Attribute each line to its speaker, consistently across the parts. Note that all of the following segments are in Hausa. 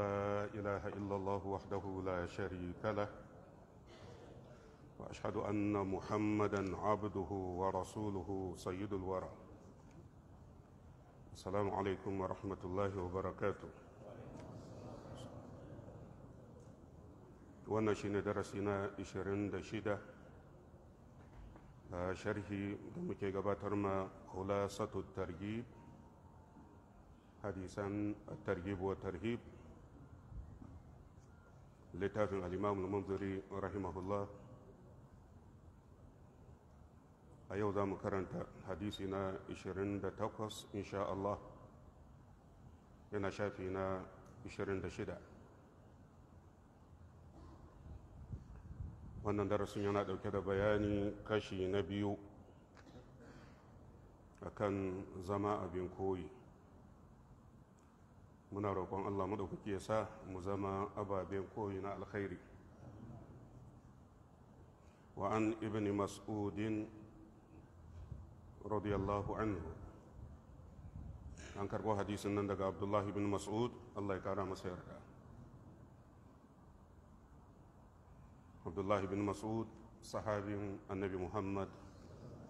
Speaker 1: لا إله إلا الله وحده لا شريك له وأشهد أن محمدا عبده ورسوله سيد الورى السلام عليكم ورحمة الله وبركاته ونشين درسنا إشرين دشدة آه، شرح دمكي قباتر خلاصة الترجيب حديثا الترجيب والترهيب littafin al'imamun munziri rahimahullah a yau za mu karanta hadisi na 28 insha Allah yana shafi na 26 wannan darasin yana dauke da bayani kashi na biyu akan zama abin koyi muna roƙon Allah maɗaukaki ya sa mu zama ababen koyi na alkhairi wa an ibn mas'udin radiyallahu anhu an karɓo hadisin nan daga Abdullahi ibn mas'ud Allah ya kara masa yarda abdullah ibn mas'ud sahabin annabi muhammad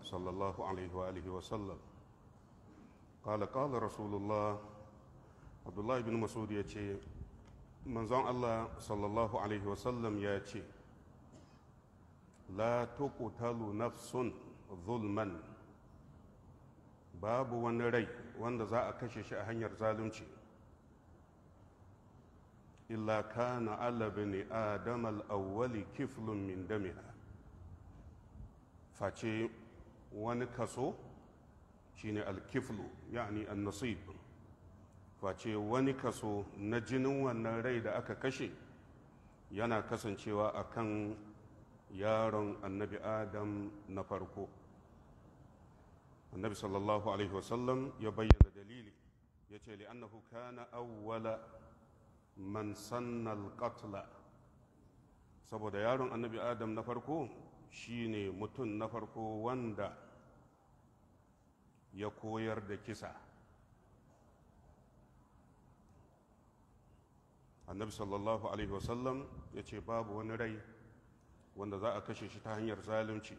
Speaker 1: sallallahu alaihi wa alihi wa sallam قال قال رسول الله abdullahi bin masud ya ce manzon allah sallallahu alaihi wasallam ya ce la tuqtalu nafsun zulman babu wani rai wanda za a kashe shi a hanyar zalunci illa kana ala bani adam al-awwali kiflun min damiha face wani kaso shine al-kiflu yani an-nasib face wani kaso na jinin wannan rai da aka kashe yana kasancewa a kan yaron annabi adam na farko annabi sallallahu alaihi wasallam ya bayyana dalili ya ce li'annahu kana awwala man sannal qatla saboda yaron annabi adam na farko shine mutum na farko wanda ya koyar da kisa annabi sallallahu alaihi wasallam ya ce babu wani rai wanda za a kashe shi ta hanyar zalunci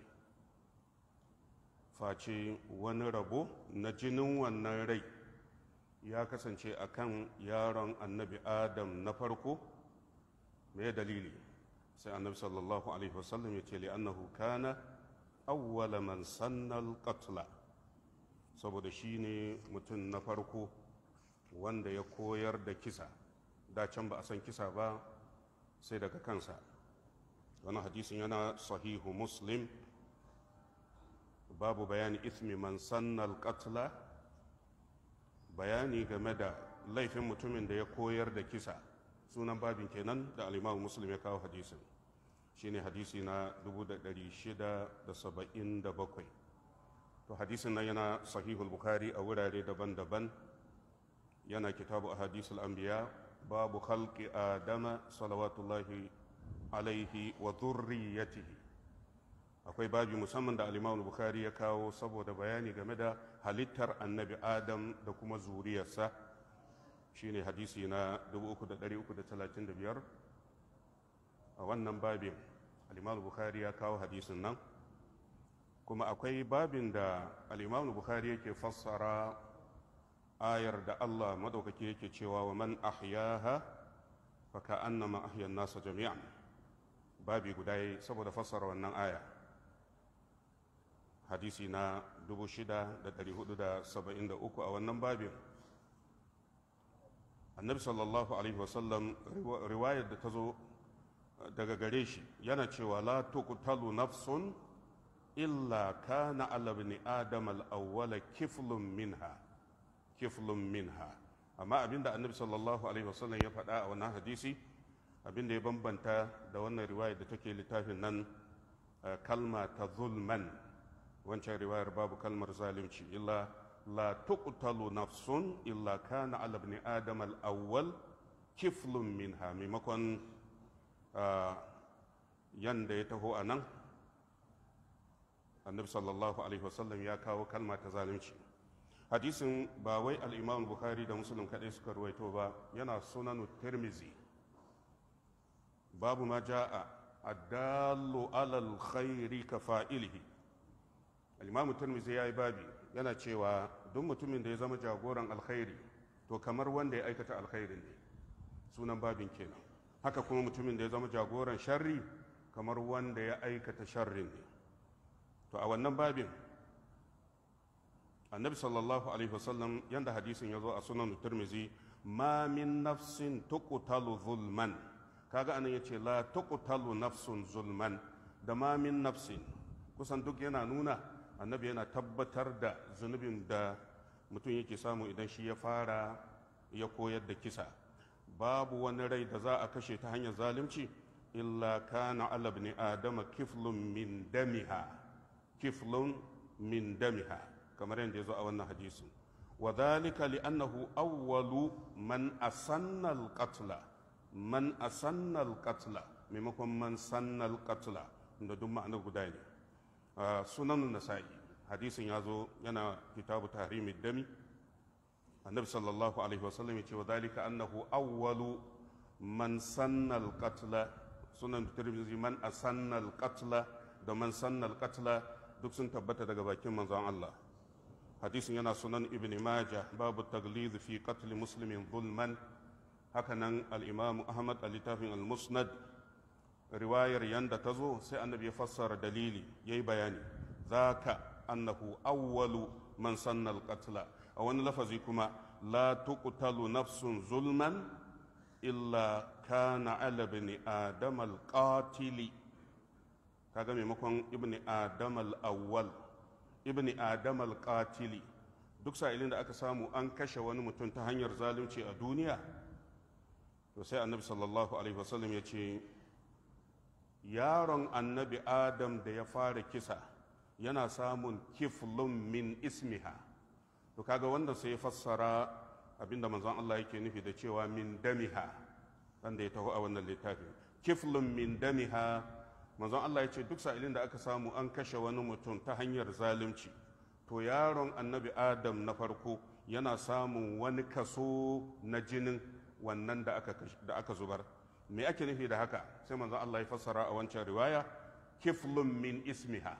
Speaker 1: face wani rabo na jinin wannan rai ya kasance a kan yaron annabi adam na farko mai dalili sai annabi sallallahu alaihi wasallam ya ce li'annahu kana awwala man sannal qatla saboda shi ne mutum na farko wanda ya koyar da kisa da can ba a san kisa ba sai daga kansa wani hadisin yana sahihu muslim babu bayani ismi man sannal katla bayani game da laifin mutumin da ya koyar da kisa sunan babin kenan da alimamu muslim ya kawo hadisin shine hadisi na 677 to hadisin nan yana sahihul bukari a wurare daban-daban yana kitabu a hadisul anbiya babu khalqi adama salawatullahi alaihi wa zurriyatihi akwai babi musamman da al-Imam ya kawo saboda bayani game da halittar annabi Adam da kuma zuriyarsa shine hadisi na 3335 a wannan babin al-Imam ya kawo hadisin nan kuma akwai babin da al-Imam Bukhari yake fassara ayar da Allah madaukake yake cewa wa man ahyaha fa ka'annama ahyan nasa jami'an babi guda saboda fassara wannan aya hadisi na 6473 a wannan babin annabi sallallahu alaihi wasallam riwayar da ta zo daga gare shi yana cewa la tuqtalu nafsun illa kana ala ibn adam al-awwala kiflun minha kiflun minha amma abinda annabi sallallahu alaihi wasallam ya faɗa a wannan hadisi abinda ya bambanta da wannan riwayar da take littafin nan eh, kalma ta zulman wancan riwayar babu kalmar zalunci illa la tuqtalu nafsun illa kana ala ibn adam al-awwal kiflun minha maimakon eh, yanda ya taho a nan annabi sallallahu alaihi wasallam ya kawo kalma ta zalunci hadisin ba wai al'imam Buhari da musulun kaɗai suka ruwaito ba yana sunanu tirmizi babu ma ja'a addallu alal khairi ka fa’ilhi al'imam tirmizi ya yi babi yana cewa duk mutumin da ya zama jagoran alkhairi to kamar wanda ya aikata alkhairi ne sunan babin kenan haka kuma mutumin da ya zama jagoran sharri kamar wanda ya aikata sharri ne to a wannan babin annabi sallallahu alaihi wasallam yanda hadisin ya zo a sunan turmizi ma min nafsin tuqtalu zulman kaga anan yace la tuqtalu nafsun zulman da ma min nafsin kusan duk yana nuna annabi yana tabbatar da zunubin da mutum yake samu idan shi ya fara ya koyar da kisa babu wani rai da za a kashe ta hanyar zalunci illa kana ala ibn adama kiflun min damiha kiflun min damiha kamar yadda ya zo a wannan hadisu wazalika li'annahu awwalu man asanna al-qatla man asanna qatla maimakon man sannal al-qatla da duk ma'anar guda ne ah, sunan nasa'i hadisin ya zo yana kitabu tahrimid dami annabi sallallahu alaihi wasallam ya ce wa dhalika annahu awwalu man sannal qatla sunan tirmidhi man asanna qatla da man sannal qatla duk sun tabbata daga bakin manzon Allah hadisin yana sunan ibn maja babu tagliz fi qatl muslimin zulman hakanan al-imam ahmad a littafin al-musnad riwayar yanda ta zo sai annabi ya fassara dalili yayi bayani zaka annahu awwalu man sanna qatla a wani lafazi kuma la tuqtalu nafsun zulman illa kana ala ibn adam al-qatili kaga maimakon ibn adam al-awwal ibn adam al-qatili duk sa'ilin da aka samu an kashe wani mutum ta hanyar zalunci a duniya to sai annabi sallallahu alaihi wasallam ya ce yaron annabi adam da ya fara kisa yana samun kiflun min ismiha to kaga wanda sai fassara abinda manzon Allah yake nufi da cewa min damiha wanda ya taho a wannan littafin kiflun min damiha manzon Allah ya ce duk sa'ilin da aka samu an kashe wani mutum ta hanyar zalunci to yaron annabi adam na farko yana samun wani kaso na jinin wannan da aka zubar me ake nufi da haka sai manzon Allah ya fassara a wancan riwaya kiflun min ismiha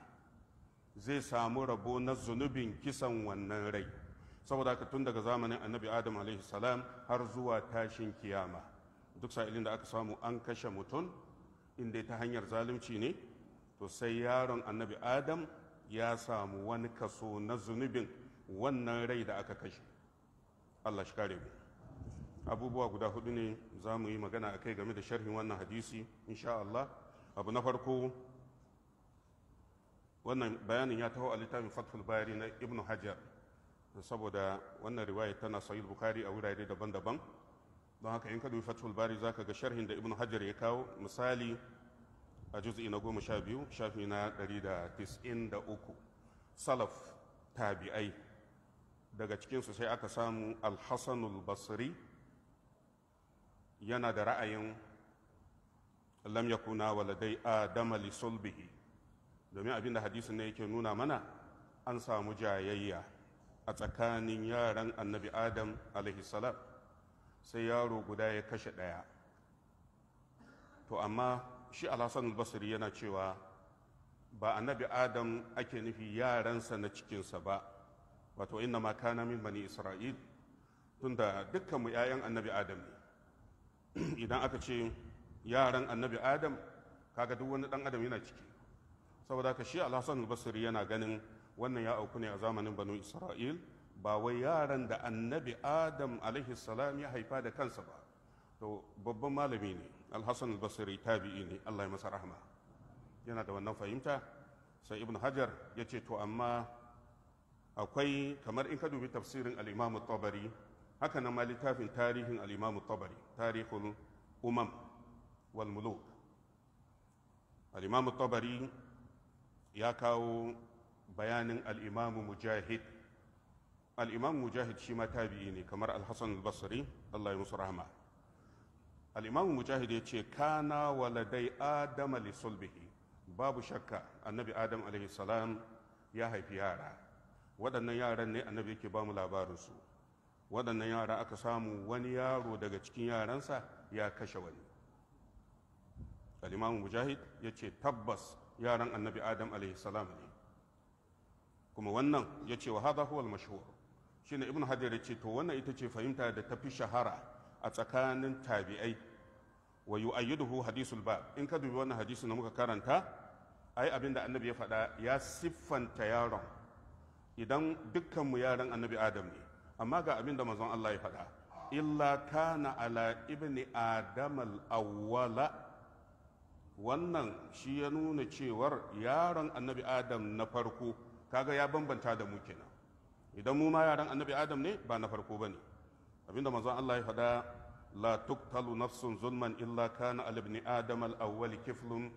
Speaker 1: zai samu rabo na zunubin kisan wannan rai saboda haka tun daga zamanin annabi adam salam har zuwa tashin kiyama duk sa'ilin da aka samu an kashe mutum in dai ta hanyar zalunci ne to sai yaron annabi adam ya samu wani kaso na zunubin wannan rai da aka kashe allah shi kare abubuwa guda hudu ne za mu yi magana a kai game da sharhin wannan hadisi insha allah abu na farko wannan bayanin ya taho a littafin fathul bayari na ibnu hajar saboda wannan riwaya tana sahih bukhari a wurare daban-daban don haka in ka dubi fathul bari za ka ga sharhin da ibn hajar ya kawo misali a juz'i na goma sha biyu shafi na ɗari da tis'in da uku salaf tabi'ai daga cikinsu sai aka samu alhassanul basri yana da ra'ayin lam yakuna waladai adama li sulbihi domin abinda hadisin ne yake nuna mana an samu jayayya a tsakanin yaran annabi adam alaihi salam sai yaro guda ya kashe ɗaya to amma shi alhassan basri yana cewa ba annabi adam ake nufi yaransa na cikinsa ba wato inna ma kana min bani isra'il tunda dukkan mu 'ya'yan annabi adam ne idan aka ce yaran annabi adam kaga duk wani dan adam yana ciki saboda ka shi alhassan basri yana ganin wannan ya auku ne a zamanin banu isra'il ba wai yaran da annabi adam alaihi salam ya haifa da kansa ba to babban malami ne alhassan albasiri tabi'i ne allah ya masa rahama yana da wannan fahimta sai ibn hajar ya ce to amma akwai kamar in ka dubi tafsirin al'imamu tabari haka nan ma littafin tarihin al'imamu tabari tarihul umam wal muluk al'imamu tabari ya kawo bayanin al'imamu mujahid al'imam mujahid shi ma tabi'i ne kamar alhassan al-basri allah ya musu rahama al'imam mujahid ya ce kana waladai adama li sulbihi babu shakka annabi adam alaihi salam ya haifi yara waɗannan yaran ne annabi yake ba mu labarinsu waɗannan yara aka samu wani yaro daga cikin yaransa ya kashe wani al'imamu mujahid ya ce tabbas yaran annabi adam alaihi salam ne kuma wannan ya ce wa hada huwal mashhur shine ibn hajar ya ce to wannan ita ce fahimta da tafi shahara a tsakanin tabi'ai wa yu'ayyiduhu hadisul ba in ka dubi wannan hadisi da muka karanta ai abinda annabi ya faɗa ya siffanta yaron idan dukkan mu yaran annabi adam ne amma ga abinda manzon Allah ya faɗa illa kana ala ibni adam al wannan shi ya nuna cewar yaron annabi adam na farko kaga ya bambanta da mu kenan idan mu ma yaran annabi adam ne ba na farko bane abinda manzon Allah ya faɗa la tuqtalu nafsun zulman illa kana al ibn adam al awwal kiflun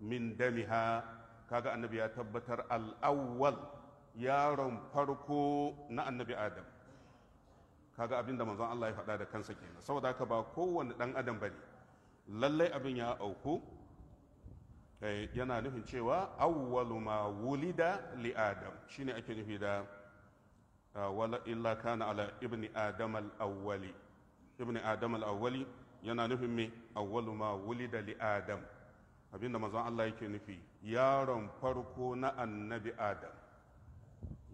Speaker 1: min damiha kaga annabi ya tabbatar al awwal yaron farko na annabi adam kaga abinda manzon Allah ya faɗa da kansa kenan saboda haka ba kowanne dan adam bane lallai abin ya auku eh, yana nufin cewa awwalu ma wulida li adam shine ake nufi da wala illa kana ala ibni adam al-awwali ibni adam al-awwali yana nufin me awwalu ma wulida li adam abinda manzon Allah yake nufi yaron farko na annabi adam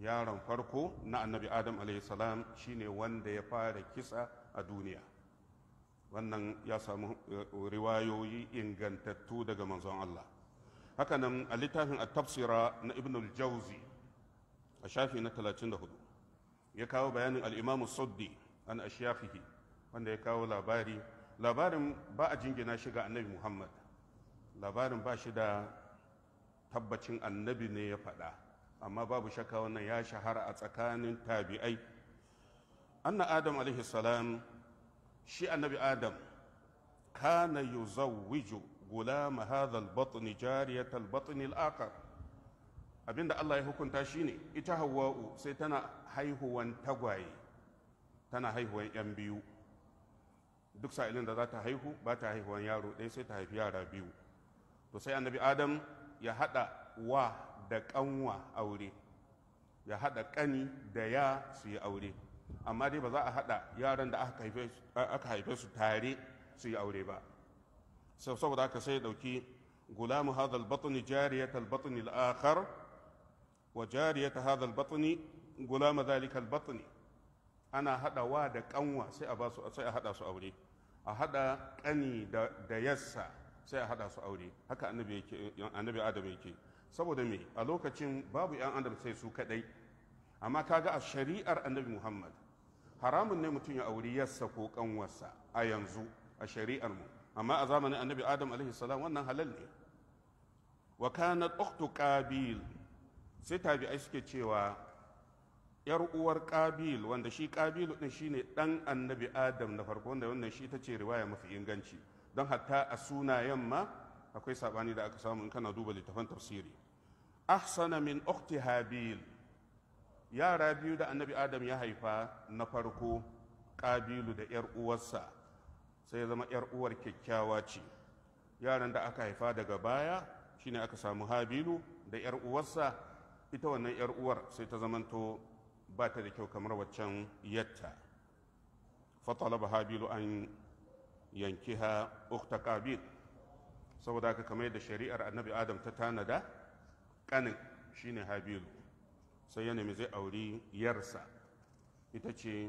Speaker 1: yaron farko na annabi adam alayhi salam shine wanda ya fara kisa a duniya wannan ya samu riwayoyi ingantattu daga manzon Allah hakanan a littafin at-tafsira na ibnul jawzi a shafi na 34 ya kawo bayanin al'imamu soddi an ashiyafihi wanda ya kawo labari labarin ba a jingina shi ga annabi muhammad labarin ba shi da tabbacin annabi ne ya faɗa amma babu shakka wannan ya shahara a tsakanin tabi'ai anna adam salam shi annabi adam kana yuzawwiju gula hadha al-batn jariyat al abinda Allah ya hukunta shine ita Hawwa'u sai tana haihuwan tagwaye tana haihuwan yan biyu duk sa'ilin da za ta haihu ba ta haihuwan yaro ɗaya sai ta haifi yara biyu to sai annabi Adam ya hada wa da kanwa aure ya hada kani da ya su yi aure amma dai ba za a hada yaran da aka haife su tare su yi aure ba saboda aka sai dauki gulamu hadal batni jariyatal batni al-akhar وجارية هذا البطن غلام ذلك البطن أنا هذا واد قنوة da سأهدا سأوري أهدا قني ديسا سأهدا سأوري هكا النبي النبي آدم يكي saboda me a lokacin babu 'yan adam sai su kadai amma kaga a shari'ar annabi muhammad haramun ne mutum ya auri yassa ko kanwarsa a yanzu a shari'ar mu amma a zamanin annabi adam alaihi salam wannan halal ne wakana kanat ukhtu qabil sai tabi'ai suke cewa yar uwar kabil wanda shi kabilu din shine dan annabi adam na farko wanda wannan shi ta ce riwaya mafi inganci don hatta a suna ma akwai sabani da aka samu in kana duba littafan tafsiri ahsana min ukhti habil yara biyu da annabi adam ya haifa na farko kabilu da yar uwarsa sai zama yar uwar kyakkyawa ce yaran da aka haifa daga baya shine aka samu habilu da yar uwarsa ita wannan yar uwar sai ta zamanto ba ta da kyau kamar waccan yatta fatalaba habilu an yankiha ukta qabil saboda haka kamar da shari'ar annabi adam ta tanada kanin shine habilu sai ya nemi zai auri yarsa ita ce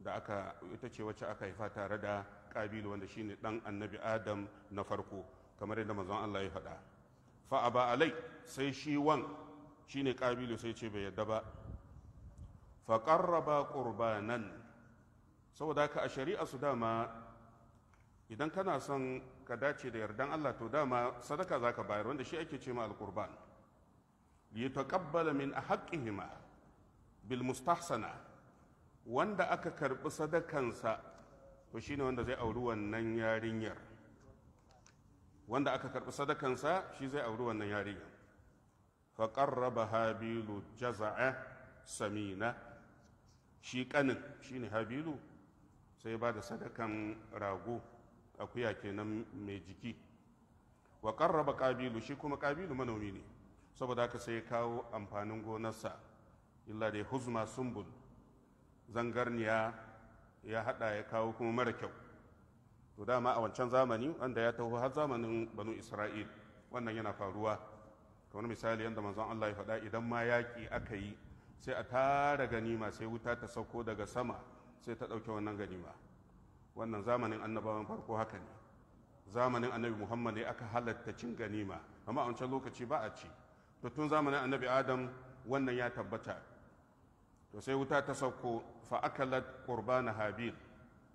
Speaker 1: da aka ita ce wacce aka haifa tare da qabil wanda shine dan annabi adam na farko kamar yadda manzon Allah ya faɗa fa aba alai sai shi wan shine ƙabilu sai ce bai yadda ba faƙarraba ƙurbanan saboda ka a shari'a su dama idan kana son ka dace da yardan Allah to dama sadaka za ka bayar wanda shi ake ce ma alƙurban liyutaqabbala min a hima bil mustahsana wanda aka karɓi sadakansa to shine wanda zai auri wannan yarinyar wanda aka karɓi sadakansa shi zai auri wannan yarinyar faƙarraba habilu jaza'a samina shi ƙanin shi ne habilu sai ba da sadakan rago akuya kenan mai jiki wa ƙarraba ƙabilu shi kuma ƙabilu manomi ne saboda haka sai kawo amfanin gonarsa illa da huzma sumbul zangarniya ya haɗa ya kawo kuma mara kyau to dama a wancan zamani wanda ya taho har zamanin banu isra'il wannan yana faruwa kamar misali yadda manzon Allah ya faɗa idan ma yaƙi aka yi sai a tara ganima sai wuta ta sauko daga sama sai ta ɗauke wannan ganima wannan zamanin annabawan farko haka ne zamanin annabi muhammad ne aka halatta cin ganima amma a wancan lokaci ba a ci to tun zamanin annabi adam wannan ya tabbata to sai wuta ta sauko fa akalat qurbana habil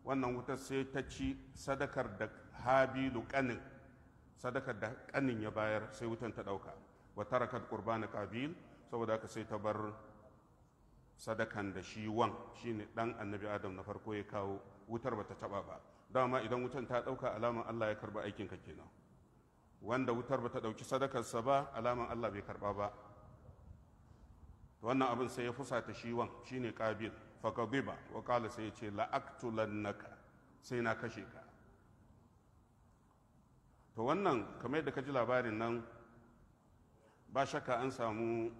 Speaker 1: wannan wuta sai ta ci sadakar da habilu kanin sadakar da kanin ya bayar sai wutan ta ɗauka wa tarakat qurbana qabil saboda haka sai ta bar sadakan da shi wan shine dan annabi adam na farko ya kawo wutar bata taba ba dama idan wutan ta dauka alaman Allah ya karba aikin ka kenan wanda wutar bata dauki sadakarsa ba alaman Allah bai karba ba wannan abin sai ya fusata shi wan shine qabil fa kadiba wa qala sai ya ce la aktulannaka sai na kashe ka to wannan kamar yadda ka ji labarin nan ba shakka an samu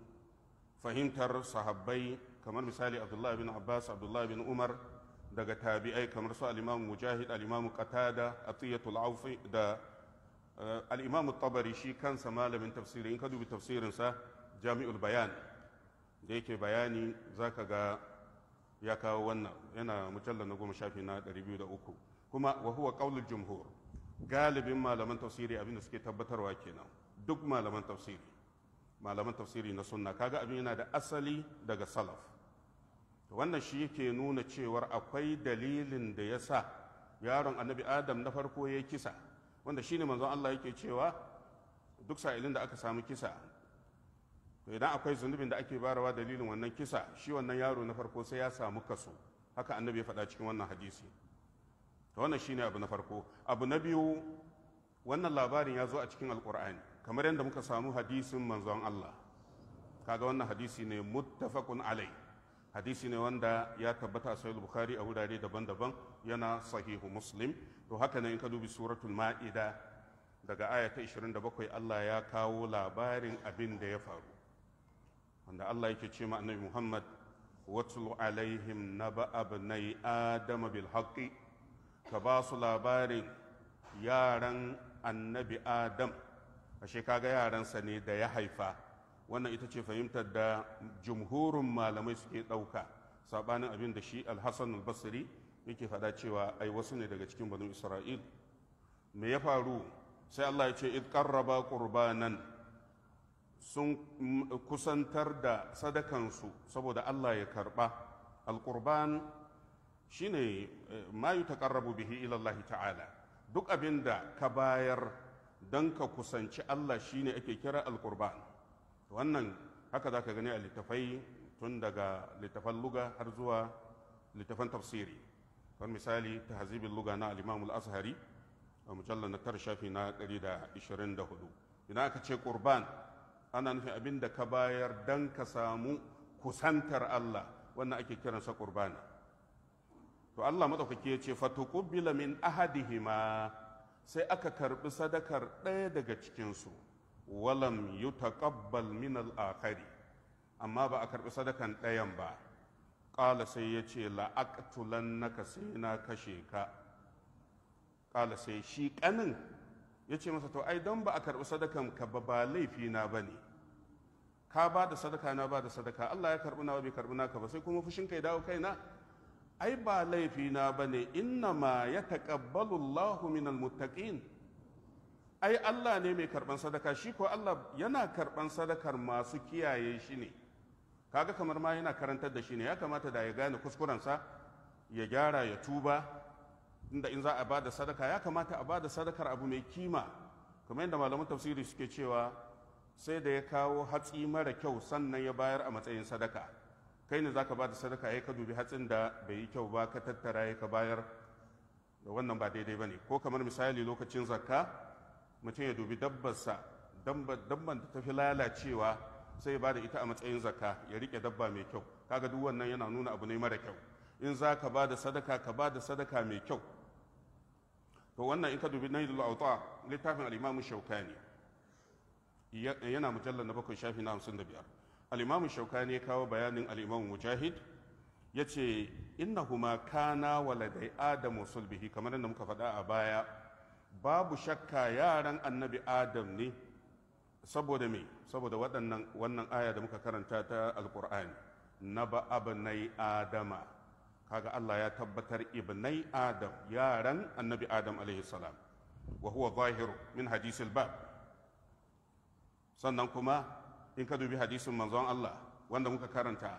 Speaker 1: fahimtar sahabbai kamar misali abdullahi bin abbas abdullahi bin umar daga tabi'ai kamar su al'imamu mujahid al'imamu qatada atiyatul aufi da eh, al'imamu tabari shi kansa malamin tafsiri in ka dubi tafsirinsa jami'ul bayan da yake bayani zaka ga ya kawo wannan yana mujallar na goma shafi na 203 kuma wa huwa qaulul jumhur galibin malaman tafsiri abinda suke tabbatarwa kenan duk malaman tafsiri malaman tafsiri na sunna kaga abin yana da asali daga salaf wannan shi yake nuna cewar akwai dalilin da ya sa yaron annabi adam na farko ya kisa wanda shine manzon Allah yake cewa duk sa'ilin da aka samu kisa to idan akwai zunubin da ake barawa dalilin wannan kisa shi wannan yaro na farko sai ya samu kaso haka annabi ya faɗa cikin wannan hadisi to wannan shine abu na farko abu na biyu wannan labarin ya zo a cikin alkur'ani kamar yadda muka samu hadisin manzon Allah kaga wannan hadisi ne muttafaqun alai hadisi ne wanda ya tabbata a sahih bukhari a wurare daban-daban yana sahihu muslim to haka ne in ka dubi suratul ma'ida daga aya ta 27 Allah ya kawo labarin abin da ya faru wanda Allah yake ce ma annabi Muhammad watlu alaihim naba abnai adama bil haqqi ka ba su labarin yaran annabi adam ashe kaga yaransa ne da ya haifa wannan ita ce fahimtar da jumhurin malamai suke ɗauka saɓanin abin da shi alhassan albasiri yake faɗa cewa ai wasu ne daga cikin banu isra'il me ya faru sai allah ya ce id ƙarraba qurbanan sun kusantar da sadakansu saboda allah ya karɓa alƙurban shine eh, ma yutaqarrabu bihi ilallahi ta'ala duk abin da ka bayar don ka kusanci Allah shine ake kira alkurban wannan haka za ka gani a littafai tun daga littafan luga har zuwa littafan tafsiri kan misali ta hazibin luga na alimamul azhari a mujallar na tar shafi na 124 Ina aka ce kurban ana nufin abin da ka bayar don ka samu kusantar Allah wannan ake kiransa kurbana to Allah maɗaukaki ya ce fatuqubila min ahadihima sai aka karɓi sadakar ɗaya daga cikinsu walam yutaqabbal min al-akhari amma ba a karbi sadakan ɗayan ba ƙala sai ya ce ka sai na kashe ka ƙala sai shi ƙanin ya ce masa to ai don ba a karbi sadakan ka ba ba laifi na ne ka ba da sadaka na ba da sadaka Allah ya karbi nawa bai karbi naka ba sai kuma fushin ya dawo kaina ai ba laifina ba ne ma ya taƙabbalu Allahu minal muttaqin ai Allah ne mai karɓan sadaka shi ko Allah yana karɓan sadakar masu kiyaye shi ne kaga kamar ma yana karantar da shi ne ya kamata da ya gane kuskurensa ya gyara ya tuba inda in za a ba da sadaka ya kamata a ba da sadakar abu mai kima kamar yadda malaman tafsiri suke cewa sai da ya kawo hatsi mara kyau sannan ya bayar a matsayin sadaka kai ne za ka ba da sadaka yayi eh, ka dubi hatsin da bai yi kyau ba ka tattara ya eh, ka bayar da wannan ba daidai ba ne ko kamar misali lokacin zakka mutum ya dubi dabbarsa dabban da tafi lalacewa sai ya bada ita a matsayin zakka ya rike dabba mai kyau kaga duk wannan yana nuna abu ne mara kyau in za ka ba da sadaka ka ba da sadaka mai kyau to wannan in ka dubi nailul auta littafin al-imam shaukani yana mujallar na bakwai shafi na hamsin da biyar al-imamu shaukani ya kawo bayanin al mujahid ya ce innahuma kana waladai adamu sulbihi kamar yadda muka faɗa a baya babu shakka yaran annabi adam ne saboda me saboda waɗannan wannan aya da muka karanta ta alƙur'ani na ba abnai adama kaga Allah ya tabbatar ibnai adam yaran annabi adam alaihi salam wa huwa zahiru min hadisil ba sannan kuma in ka dubi hadisin manzon Allah wanda muka karanta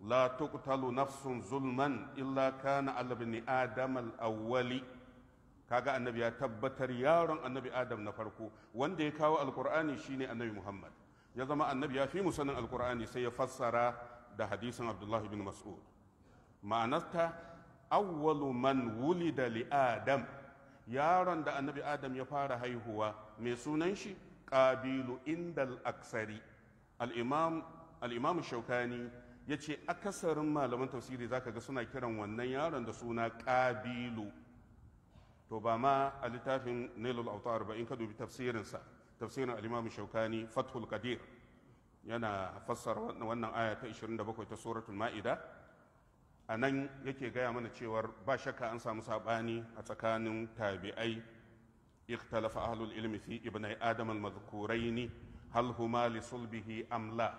Speaker 1: la tuqtalu nafsun zulman illa kana ala ibn adam al-awwali kaga annabi ya tabbatar yaron annabi adam na farko wanda ya kawo alqur'ani shine annabi muhammad ya zama annabi ya fi mu sanin alqur'ani sai ya fassara da hadisin abdullahi bin mas'ud ma'anarta awwalu man wulida li adam yaron da annabi adam ya fara haihuwa mai sunan shi qabilu indal aksari al'imam shaukani ya ce akasarin malaman tafsiri zaka ga suna kiran wannan yaron da suna ƙabilu to ba ma a littafin nailul autar ba in ka dubi tafsirinsa tafsirin al'imam shaukani fathul qadir yana fassara wannan aya ta 27 ta suratul ma'ida a nan yake gaya mana cewar ba shakka an samu saɓani a tsakanin tabi'ai ikhtalafa ahlul ilmi fi ibnai adam al-madhkuraini hal huma li sulbihi am la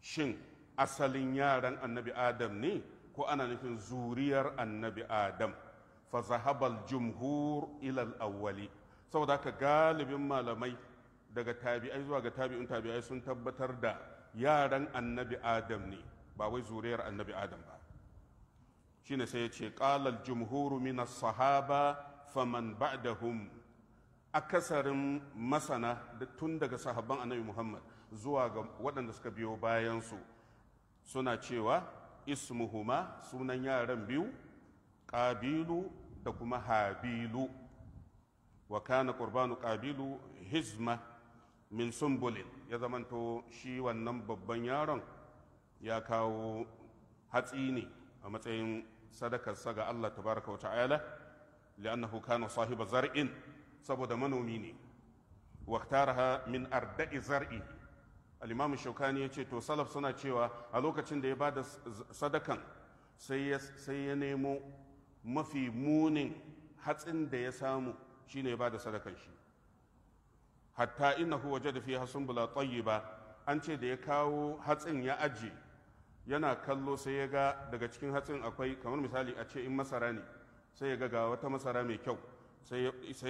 Speaker 1: shin asalin yaran annabi adam ne ko ana nufin zuriyar annabi adam fa zahabal jumhur ila al-awwali saboda haka galibin malamai daga tabi'ai zuwa ga tabi'un tabi'ai sun tabbatar da yaran annabi adam ne ba wai zuriyar annabi adam ba shine sai ya ce qala al-jumhur min as-sahaba faman ba'dahum akasarin masana tun daga sahabban annabi muhammad zuwa ga waɗanda suka biyo bayansu suna cewa ismuhuma sunan yaran biyu ƙabilu da kuma habilu wa kana qurbanu ƙabilu hizma min sumbulin ya zamanto shi wannan babban yaron ya kawo hatsi ne a matsayin sadakarsa ga allah tabaraka wa ta'ala li'annahu kana sahiba zar'in saboda manomi ne waktaraha min arda'i zar'i al-imam shaukani yace to salaf suna cewa a lokacin da ya bada sadakan sai ya sai ya nemo mafi munin hatsin da ya samu shine ya bada sadakan shi hatta innahu wajada fiha sunbula tayyiba an ce da ya kawo hatsin ya aje yana kallo sai ya ga daga cikin hatsin akwai kamar misali a ce in masara ne sai ya ga ga wata masara mai kyau sai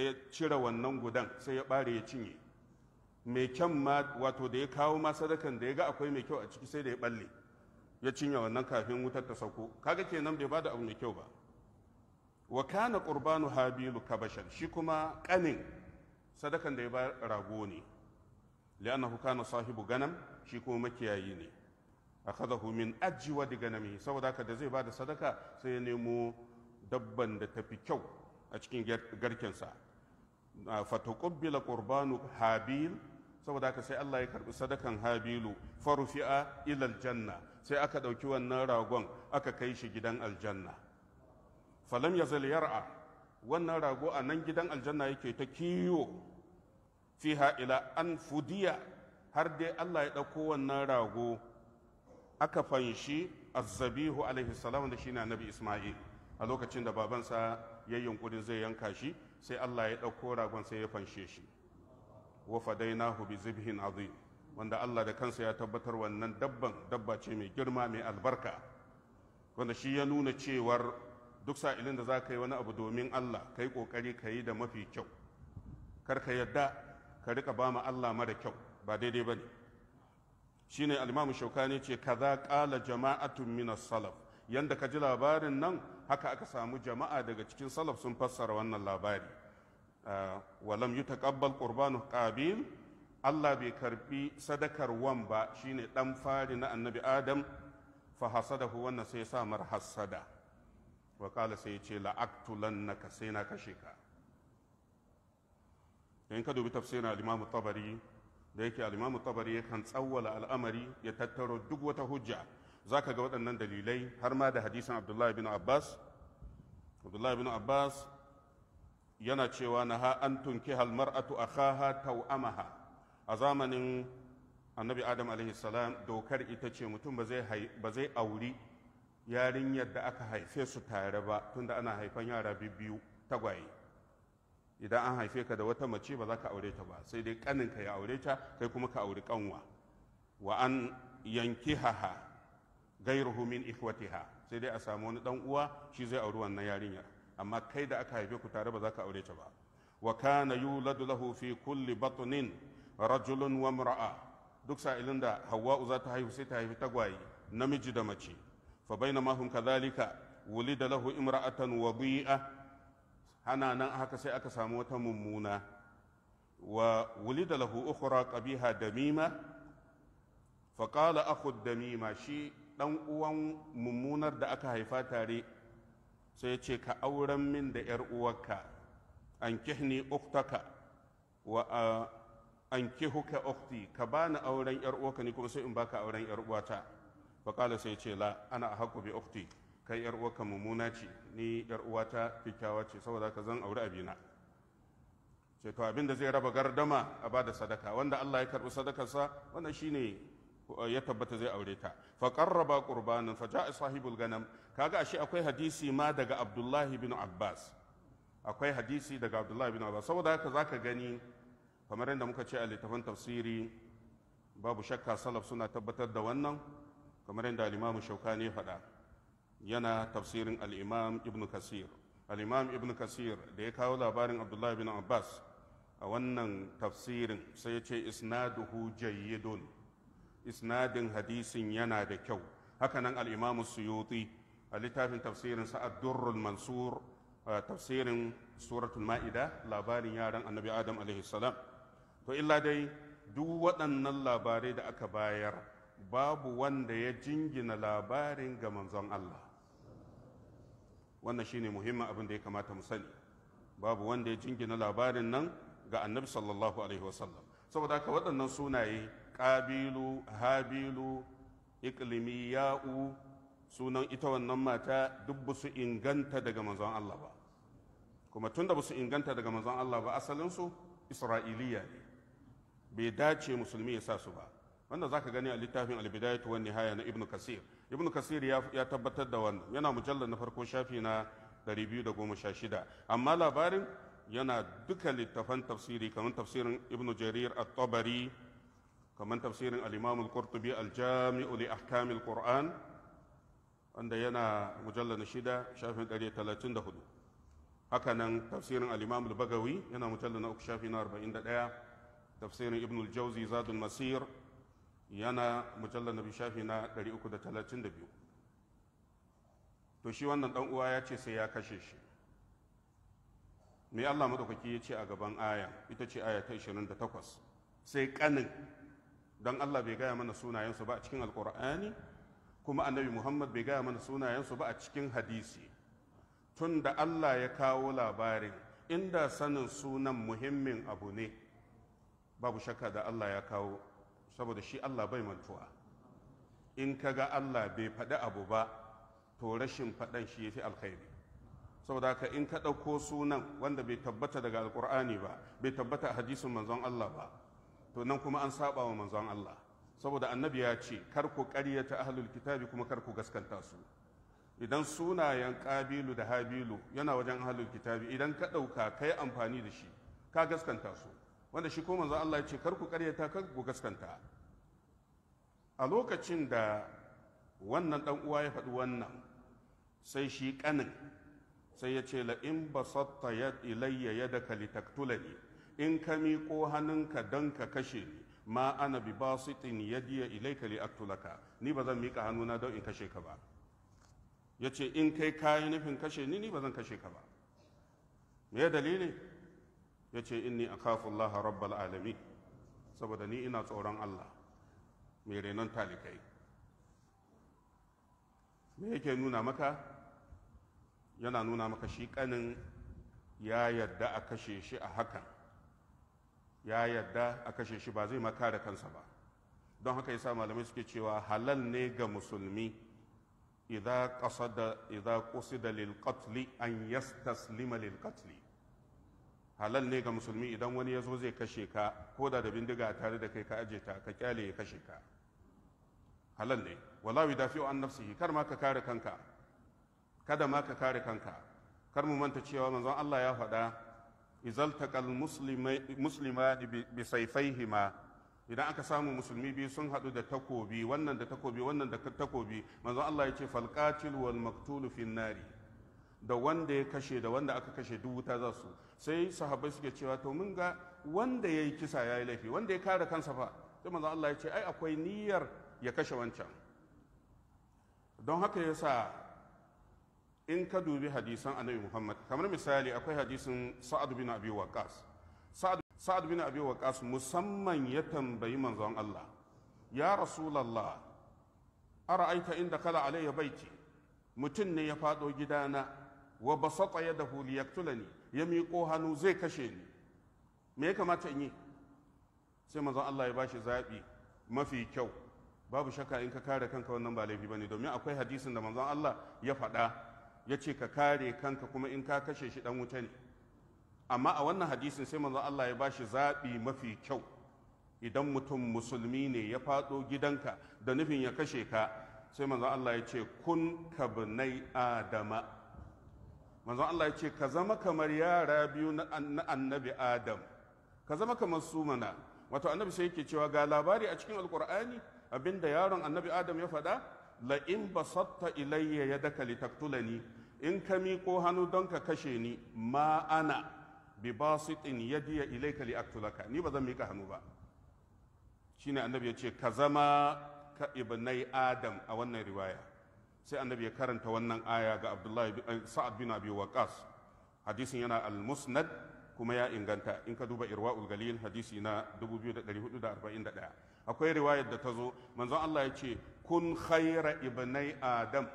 Speaker 1: ya cire wannan gudan sai ya bare ya cinye mai kyan ma wato da ya kawo ma sadakan da ya ga akwai mai kyau a ciki sai da ya balle ya cinye wannan kafin wutar ta sauko kaga kenan bai bada abu mai kyau ba wa kana qurbanu habilu kabashan shi kuma kanin sadakan da ya ba rago ne li'annahu kana sahibu ganam shi kuma makiyayi ne akhadahu min ajwa ganami saboda haka da zai bada sadaka sai ya nemo dabban da tafi kyau a cikin garkensa fatakubbila kurbanu habil saboda haka sai Allah ya karbi sadakan habilu farufi'a ilal janna sai aka ɗauki wannan ragon aka kai shi gidan aljanna falam yazal yar'a wannan rago a nan gidan aljanna yake ta kiyo fiha ila an fudiya har dai Allah ya ɗauko wannan rago aka fanshi azzabihu alaihi salam da shine annabi isma'il a lokacin da babansa ya yunkurin zai yanka shi sai Allah ya ɗauko ragon sai ya fanshe shi wa fadainahu bi zibhin azim wanda Allah da kansa ya tabbatar wannan dabban dabba ce mai girma mai albarka wanda shi ya nuna cewar duk sa'ilin da za ka yi wani abu domin Allah ka yi ƙoƙari ka yi da mafi kyau kar ka yadda ka rika ba ma Allah mara kyau ba daidai ba ne shi ne alimamu shaukani ce kaza ƙala jama'atun minas salaf yanda ka ji labarin nan haka aka samu jama'a daga cikin salaf sun fassara wannan labari ah, walam yi taƙabbal ƙurbanu ƙabil allah bai karbi sadakar wan ba shine ɗan fari na annabi adam fa hasadahu wannan sai sa mar hasada wa kala sai ya ce ka sai na kashe ka in ka dubi tafsirin al tabari da yake al tsabari tabari yakan tsawwala al'amari ya tattaro duk wata hujja za ka ga waɗannan dalilai har ma da hadisin abdullahi bin abbas abdullahi bin abbas yana cewa na ha an tunki halmar'atu a kaha tau'amaha a zamanin annabi adam salam dokar ita ce mutum ba zai auri yarinyar da aka haife su tare ba tunda ana haifan yara biyu tagwaye idan an haife ka da wata mace ba za ka aure ta ba sai dai kaninka ya aure ta kai kuma ka auri kanwa wa an yanki haha gairuhu min ikhwatiha sai dai a samu wani dan uwa shi zai auri wannan yarinyar amma kai da aka haife ku tare ba za ka aure ta ba wa kana yuladu lahu fi kulli batnin rajulun wa mar'a duk sa'ilin da hawwa'u za ta haihu sai ta haifi tagwaye namiji da mace fa bainama hum kadhalika wulida lahu imra'atan wadi'a hana nan haka sai aka samu wata mummuna wa wulida lahu ukhra qabiha damima fa qala akhu damima shi ɗan uwan mummunar da aka haifa tare sai ce ka auren min da ‘yar uwarka an kihni uktaka wa an kihuka ukti ka bani auren ‘yar uwarka ni kuma sai in baka auren ‘yar uwata kala sai ce la ana haku bi ukti kai ‘yar uwarka mummuna ce ni ‘yar uwata kyakkyawa ce saboda ka zan aure abina sai to abin da zai raba gardama a bada sadaka wanda Allah ya karbi sadakarsa wannan shine Eh, ya tabbata zai aure ta fa qarraba qurbanan fa ja'a sahibul ganam kaga ashe akwai hadisi ma daga abdullahi bin abbas akwai hadisi daga abdullahi bin abbas saboda haka zaka gani kamar yadda muka ce a littafin tafsiri babu shakka salaf suna tabbatar da wannan kamar yadda al-imam shaukani ya faɗa yana tafsirin al-imam ibn kasir al-imam ibn kasir da ya kawo labarin abdullahi bin abbas a wannan tafsirin sai ya ce isnaduhu jayyidun isnadin hadisin yana da kyau hakanan al-imamu suyuti a littafin tafsirin sa'ad durrul mansur tafsirin suratul ma'ida labarin yaran annabi adam salam to illa dai duk waɗannan labarai da aka bayar babu wanda ya jingina labarin ga manzon Allah wannan shine muhimmin abin da ya kamata mu sani babu wanda ya jingina labarin nan ga annabi sallallahu alaihi wasallam saboda haka waɗannan sunaye ƙabilu habilu iklimiya'u sunan ita wannan mata duk ba su inganta daga manzon Allah ba kuma tunda ba su inganta daga manzon Allah ba asalinsu isra'iliya ne bai dace musulmi ya sa su ba wanda za ka gani a littafin albidayatu wani haya na ibnu kasir ibnu kasir ya tabbatar da wannan yana mujallar na farko shafi na 216 amma labarin yana duka littafan tafsiri kamar tafsirin ibnu jarir at-tabari kamar tafsirin al-imam al-qurtubi al-jami'u li ahkam al-qur'an wanda yana mujalla na shida shafin 134 haka nan tafsirin al-imam al-bagawi yana mujalla na uku shafi na 41 tafsirin ibn al-jawzi zadul masir yana mujalla na shafi na 332 to shi wannan dan uwa ya ce sai ya kashe shi me Allah madaukaki ya ce a gaban aya ita ce aya ta 28 sai kanin don Allah bai gaya mana sunayensu ba a cikin alkur'ani kuma annabi Muhammad bai gaya mana sunayensu ba a cikin hadisi tun da Allah ya kawo labarin inda sanin sunan muhimmin abu ne babu shakka da Allah ya kawo saboda shi Allah bai mantuwa in ka ga Allah bai faɗi abu ba to rashin faɗan shi ya fi alkhairi saboda haka in ka ɗauko sunan wanda bai tabbata daga alkur'ani ba bai tabbata a hadisin manzon Allah ba to nan kuma an saba wa manzon Allah saboda annabi ya ce kar ku ƙaryata ahlul kitabi kuma kar ku gaskanta su idan sunayen ƙabilu da habilu yana wajen ahlul kitabi idan ka ɗauka kai amfani da shi ka gaskanta su wanda shi ko manzon Allah ya ce kar ku ƙaryata kar ku gaskanta a lokacin da wannan dan uwa ya faɗi wannan sai shi kanin, sai ya ce la in basatta ilayya yadaka litaktulani in ka miƙo hannunka don ka kashe ni ma ana bi ba basitin yadiya ilaika li aktulaka ni ba zan miƙa hannuna don in kashe ka ba ya ce in kai kayi nufin kashe ni ni ba zan kashe ka ba me ya dalili ya ce inni kafin Allah rabbal alami saboda ni ina tsoron Allah mai renon talikai me yake nuna maka yana nuna maka shi kanin ya yarda a kashe shi a hakan ya yarda a kashe shi ba zai ma kare kansa ba don haka yasa malamai suke cewa halal ne ga musulmi idza qasada idza qusida lil qatli an yastaslima lil qatli halal ne ga musulmi idan wani ya zo zai kashe ka ko da da bindiga tare da kai ka aje ta ka kyale ya kashe ka halal ne wala yudafi'u an nafsihi kar ma ka kare kanka kada ma ka kare kanka kar mu manta cewa manzon Allah ya faɗa izaltaqal muslimani bi sayfaihima idan aka samu musulmi biyu sun haɗu da takobi wannan da takobi wannan da takobi manzon Allah ya ce falqatil wal maqtul nari da wanda ya kashe da wanda aka kashe duk wuta za su sai sahabbai suke cewa to mun ga wanda yayi kisa yayi laifi wanda ya kare kansa fa sai manzon Allah ya ce ai akwai niyyar ya kashe wancan don haka yasa in ka dubi hadisan annabi Muhammad kamar misali akwai hadisin Sa'ad bin Abi Waqqas Sa'ad bin Abi Waqqas musamman ya tambayi manzon Allah ya Rasulullah ara'aita inda kala alayya baiti mutum ne ya fado gidana wa basata yadahu tulani? ya miƙo hannu zai kashe ni me ya kamata in yi sai manzon Allah ya bashi zaɓi mafi kyau babu shakka in ka kare kanka wannan ba laifi bane domin akwai hadisin da manzon Allah ya faɗa ya ce ka kare kanka kuma in ka kashe shi dan wuta ne amma a wannan hadisin sai manzon Allah ya bashi zaɓi mafi kyau idan mutum musulmi ne ya faɗo gidanka da nufin ya kashe ka sai manzon Allah ya ce kun kabnai adama manzon Allah ya ce ka zama kamar yara biyu na annabi adam ka zama kamar su mana wato annabi sai yake cewa ga labari a cikin alkur'ani abinda yaron annabi adam ya faɗa la in basatta ilayya yadaka litaktulani in ka miƙo hannu don ka kashe ni ma ana bi ɗin yadiya ilaika li aktulaka ni ba zan miƙa hannu ba Shin annabi ya ce ka zama ka ibnai adam a wannan riwaya sai annabi ya karanta wannan aya ga abdullahi eh, sa'ad bin abi waqas hadisin yana al-musnad kuma ya inganta in ka duba irwa'ul galil hadisi na 2441 akwai riwayar da ta zo manzon Allah ya ce kun khaira ibnai adam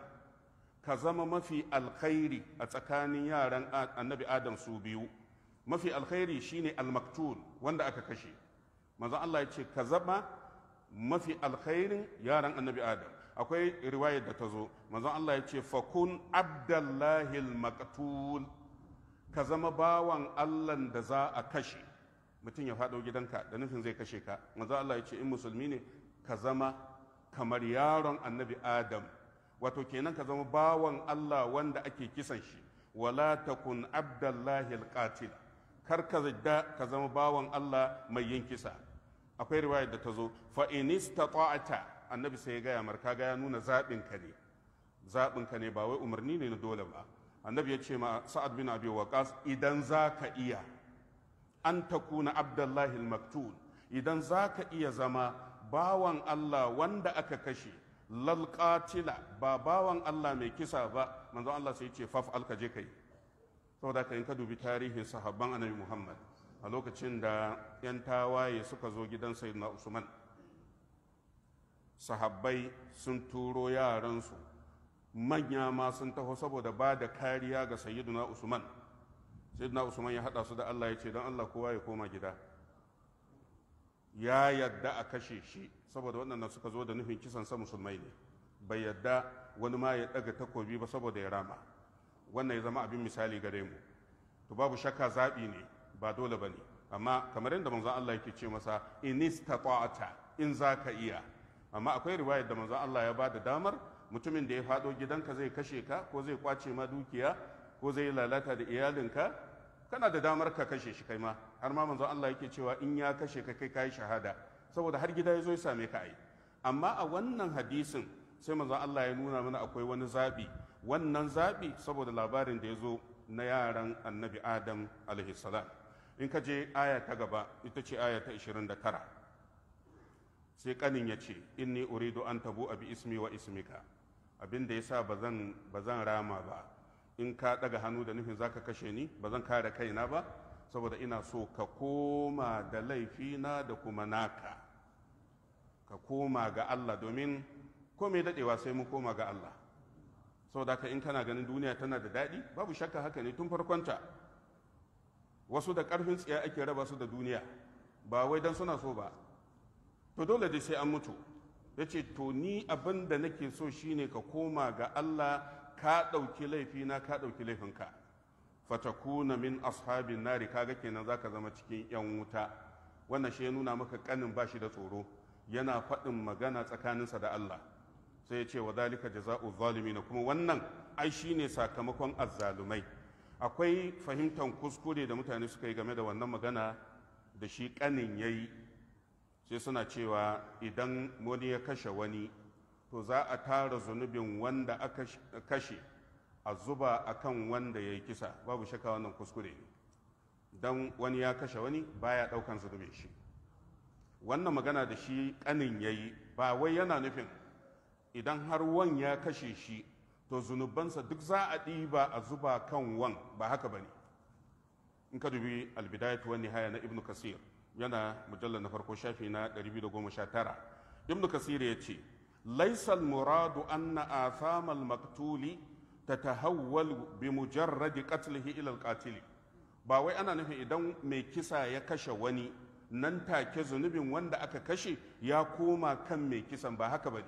Speaker 1: ka zama mafi alkhairi a tsakanin yaran annabi adam su biyu mafi alkhairi shine almaktul wanda aka kashe manzon Allah ya ce ka zama mafi alkhairin yaran annabi adam akwai riwayar da ta zo manzon Allah ya ce fakun abdallahi almaktul ka zama bawan Allah da za a kashe mutum ya faɗo gidanka da nufin zai kashe ka manzon Allah ya ce in musulmi ne ka zama kamar yaron annabi adam wato kenan ka zama bawan Allah wanda ake kisan shi wala takun abdallahi alqatil kar ka zidda ka zama bawan Allah mai yin kisa akwai riwayar da ta zo fa in annabi sai ya gaya marka ga ya nuna zabin ka ne zabin ka ne ba wai umarni ne na dole ba annabi ya ce ma sa'ad bin abi waqas idan zaka iya an takuna abdallahi almaktul idan zaka iya zama bawan Allah wanda aka kashe lalƙatila ba bawan Allah mai kisa ba manzon Allah sai ce faf alkaje je kai saboda ka in ka dubi tarihin sahabban annabi Muhammad a lokacin da yan tawaye suka zo gidan sayyidina Usman sahabbai sun turo yaransu manya ma sun taho saboda ba da kariya ga sayyidina Usman sayyidina Usman ya hada su da Allah ya ce don Allah kowa ya koma gida ya yadda a kashe shi saboda waɗannan suka zo da nufin kisan sa musulmai ne bai yadda wani ma ya ɗaga takobi ba saboda ya rama wannan ya zama abin misali gare mu to babu shakka zaɓi ne ba dole ba ne amma kamar yadda manzon Allah yake ce masa in istata'ata in za ka iya amma akwai riwayar da manzon Allah ya ba da damar mutumin da ya faɗo gidanka zai kashe ka ko zai kwace ma dukiya ko zai lalata da iyalinka kana da damar ka kashe shi kai ma har ma manzon Allah yake cewa in ya kashe ka kai kai shahada saboda har gida ya zo ya same ka ai amma a wannan hadisin sai manzon Allah ya nuna mana akwai wani zabi wannan zabi saboda labarin da ya zo na yaran annabi adam alaihi salam in ka je aya ta gaba ita ce aya ta 29 sai kanin ya ce inni uridu an tabu abi ismi wa ismika abin da yasa bazan bazan rama ba in ka daga hannu da nufin zaka kashe ni bazan kare kaina ba saboda ina so ka koma da laifina da kuma naka ka koma ga Allah domin komai dadewa sai mu koma ga Allah saboda ka in kana ganin duniya tana da daɗi babu shakka haka ne tun farkonta wasu da karfin tsiya ake raba su da duniya ba wai dan suna so ba to dole dai sai an mutu ya to ni abin da nake so shine ka koma ga Allah ka ɗauki laifina ka ɗauki laifinka fatakuna min ashabin nari kaga kenan zaka zama cikin yan wuta wannan shi ya nuna maka kanin bashi da tsoro yana faɗin magana tsakaninsa da Allah sai ya ce wa zalika jaza'u zalimin kuma wannan ai shine sakamakon azzalumai akwai fahimtar kuskure da mutane suka yi game da wannan magana da shi kanin yayi sai suna cewa idan wani ya kashe wani to za a tara zunubin wanda aka kashe a zuba a kan wanda ya yi kisa babu shakka wannan kuskure ne don wani ya kashe wani baya ɗaukan zunubi shi wannan magana da shi ƙanin ya yi ba wai yana nufin idan har wan ya kashe shi to zunubansa duk za a ɗiba a zuba kan wan ba haka ba ne in ka dubi albidayatu wani haya na ibnu kasir yana mujallar na farko shafi na 219 ibnu kasir ya ce laisal muradu anna athamal maktuli tatahawwal bi mujarradi qatlihi ila al ba wai ana nufin idan mai kisa ya kashe wani nan take zunubin wanda aka kashe ya koma kan mai kisan ba haka bane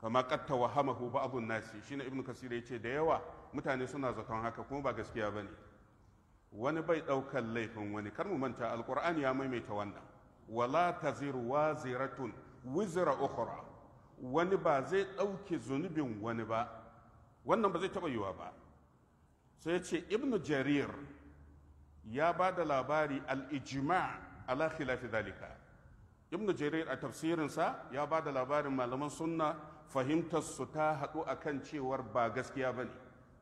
Speaker 1: kama qad tawahamahu ba'd an Shina shine ibnu kasir yace da yawa mutane suna zaton haka kuma ba gaskiya bane wani bai daukan laifin wani kar mu manta alqur'ani ya maimaita wannan wala taziru waziratun wizra ukhra wani ba zai ɗauke zunubin wani ba wannan ba zai taɓa yiwa ba sai ce ibnu jarir ya ba da labari al ala khilafi dalika ibnu jarir a tafsirinsa ya ba da labarin malaman sunna fahimtar su ta haɗu akan cewar ba gaskiya ba ne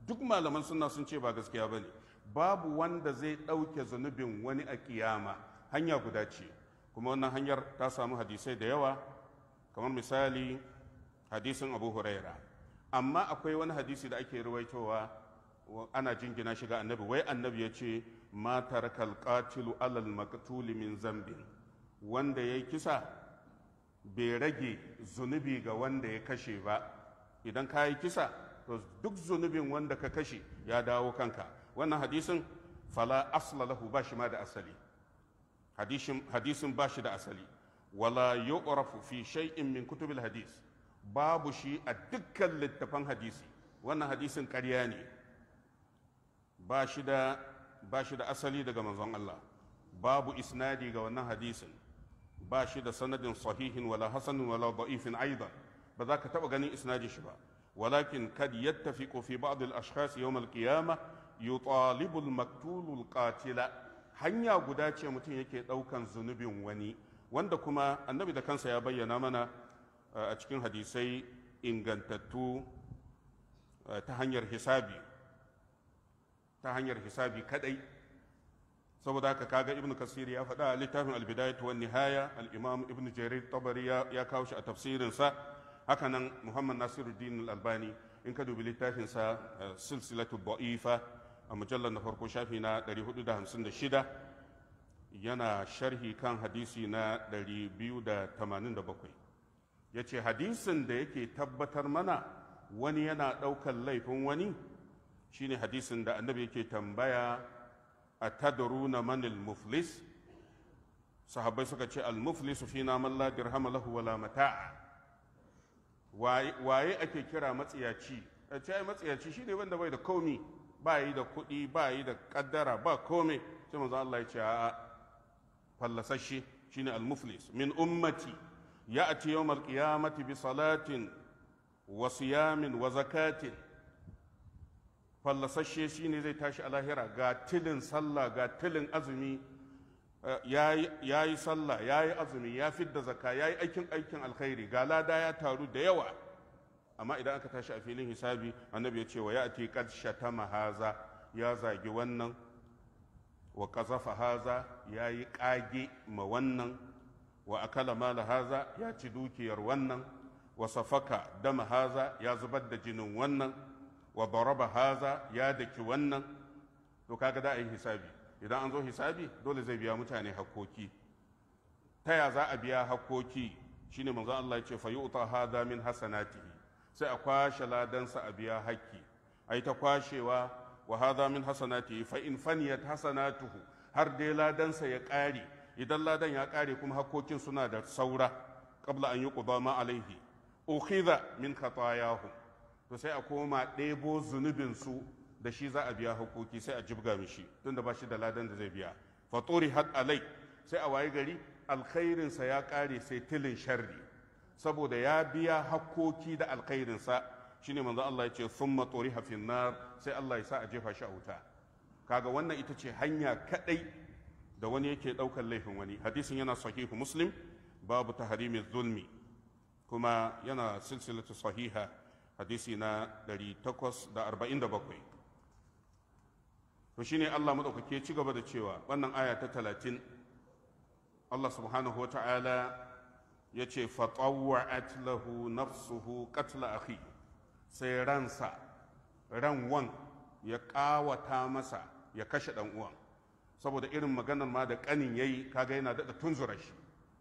Speaker 1: duk malaman sunna sun ce ba gaskiya ba ne babu wanda zai ɗauke zunubin wani a kiyama hanya guda ce kuma wannan hanyar ta samu hadisai da yawa kamar misali hadisin abu huraira amma akwai wani hadisi da ake ruwaitowa ana jingina shiga annabi wai annabi ya ce matar kalkatilu alal maktuli min zambin wanda ya kisa bai rage zunubi ga wanda ya kashe ba idan ka yi kisa to duk zunubin wanda ka kashe ya dawo kanka wannan hadisin fala asla lahu ba shi ma da asali hadisin ba shi da asali wala yu'rafu fi shay'in min kutubil hadis babu shi a dukkan littafan hadisi wannan hadisin ƙarya ne ba shi da ba shi da asali daga manzon Allah babu isnadi ga wannan hadisin ba shi da sanadin sahihin wala hasanin wala da'ifin aidan ba za ka taɓa ganin isnadi shi ba ولكن قد يتفق في بعض الأشخاص يوم القيامة يطالب المقتول القاتل hanya guda ce mutum yake ɗaukan zunubin wani wanda kuma annabi da kansa ya bayyana mana a cikin hadisai ingantattu ta hanyar hisabi ta hanyar hisabi kadai saboda haka kaga ibnu kasir ya faɗa a littafin albidayat wa nihaya al-imam ibnu jarir tabari ya kawo shi a tafsirinsa haka nan muhammad nasiruddin al-albani in ka dubi littafin sa silsilatu da'ifa a mujallar na farko shafi na 456 yana sharhi kan hadisi na 287 ya ce hadisin da yake tabbatar mana wani yana ɗaukar laifin wani shine hadisin da annabi yake tambaya a tadaruna manil muflis sahabbai suka ce al-muflis fi naman la dirham lahu wala mata'a waye ake kira matsiyaci a ce ai matsiyaci shine wanda bai da komi ba yi da kuɗi ba yi da kaddara ba komai sai manzo Allah ya ce a'a fallasashe shine almuflis min ummati ya'ti yawmal qiyamati bi salatin wa siyamin wa zakatin fallasashe shine zai tashi a lahira ga tilin sallah ga tilin azumi eh, ya yi sallah ya yi azumi ya fidda zaka ya yi aikin aikin alkhairi ga lada ya taru da yawa amma idan aka tashi a filin hisabi annabi ya ce wa ya ati ƙarshe ta mahaza ya zagi wannan wa kazafa haza ya yi ƙage ma wannan wa akala mala haza ya ci dukiyar wannan wa safaka dama haza ya zubar da jinin wannan wa baraba haza ya daki wannan to kaga da a yi hisabi idan an zo hisabi dole zai biya mutane hakkoki ta ya za a biya hakkoki shine manzo Allah ya ce fa yu'ta hadha min hasanatihi sai a kwashe ladansa a biya hakki ai ta kwashewa wa hadha min hasanati fa in faniyat hasanatuhu har dai ladansa ya ƙare idan ladan ya ƙare kuma hakokin suna da saura qabla an yuqda ma alaihi ukhidha min khatayahu to sai a koma ɗebo zunubin su da shi za a biya hakoki sai a jibga tunda ba shi da ladan da zai biya faturi had alai sai a wayi gari alkhairinsa ya ƙare sai tilin sharri saboda ya biya hakkoki da alkhairinsa shine manzo Allah ya ce summa turiha fin nar sai Allah ya sa a jefa shi a wuta kaga wannan ita ce hanya kadai da wani yake daukar laifin wani hadisin yana sahihu muslim babu taharimi zulmi kuma yana silsilatu sahiha hadisi na 847 to shine Allah madaukake ci gaba da cewa wannan aya ta 30 Allah subhanahu wa ta'ala ya ce fatawwa'at lahu nafsuhu qatla akhihi sai ransa ran wan ya ƙawata masa ya kashe ɗan uwan saboda irin maganar ma da ƙanin ya yi kaga yana daɗa tunzura shi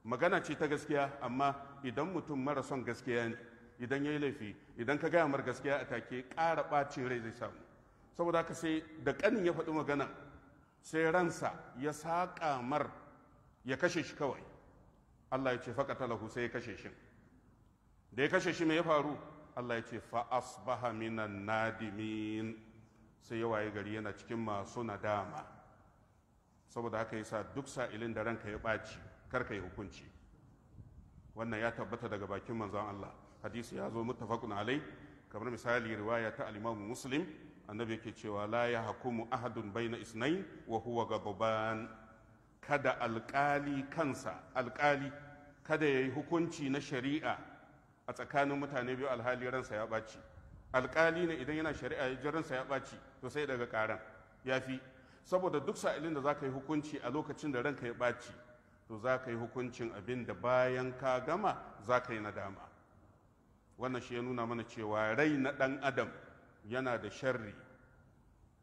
Speaker 1: magana ce ta gaskiya amma idan mutum mara son gaskiya ne idan ya yi laifi idan ka gaya mar gaskiya a take ƙara ɓacin rai zai samu saboda haka sai da ƙanin ya faɗi magana sai ransa ya saƙa mar ya kashe shi kawai Allah ya ce faƙata sai ya kashe shi da ya kashe shi mai ya faru Allah ya ce fa asbaha minan nadimin sai ya waye gari yana cikin masu nadama saboda haka yasa duk sa'ilin da ranka ya ɓaci kar ka yi hukunci wannan ya tabbata daga bakin manzon Allah hadisi ya zo mutafakun alai kamar misali riwaya ta al-Imam Muslim annabi yake cewa la ya hakumu ahadun baina isnain wa huwa ghadban kada kansa alƙali kada ya yi hukunci na shari'a a tsakanin mutane biyu alhali ransa ya ɓaci alkali ne idan yana shari'a ya ji ransa ya ɓaci to sai daga ƙaran ya fi saboda duk sa'ilin da za ka yi hukunci a lokacin da ranka ya ɓaci to za ka yi hukuncin abin da bayan ka gama za ka yi dama wannan shi ya nuna mana cewa rai na ɗan adam yana da sharri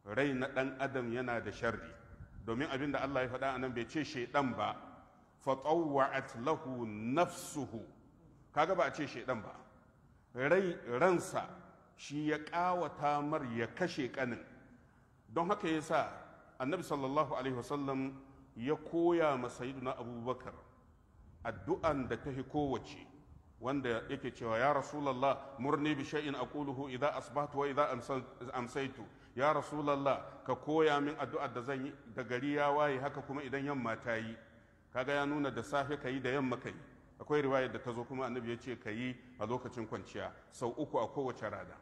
Speaker 1: rai na ɗan adam yana da sharri domin abin da Allah ya faɗa a nan bai ce shaiɗan ba fatawwa'at lahu nafsuhu kaga ba a ce shaidan ba rai ransa shi ya ƙawata mar ya kashe ƙanin don haka ya sa annabi sallallahu alaihi wasallam ya koya ma na abubakar addu'an da ta kowace wanda yake cewa ya rasulallah murni bi shay'in aquluhu idza asbahtu wa idan amsaitu ya rasulallah ka koya min addu'ar da zan yi da gari ya waye haka kuma idan yamma ta yi kaga ya nuna da safe ka yi da yamma ka yi akwai riwayar da ta zo kuma annabi ya ce ka yi a lokacin kwanciya sau uku a kowace rana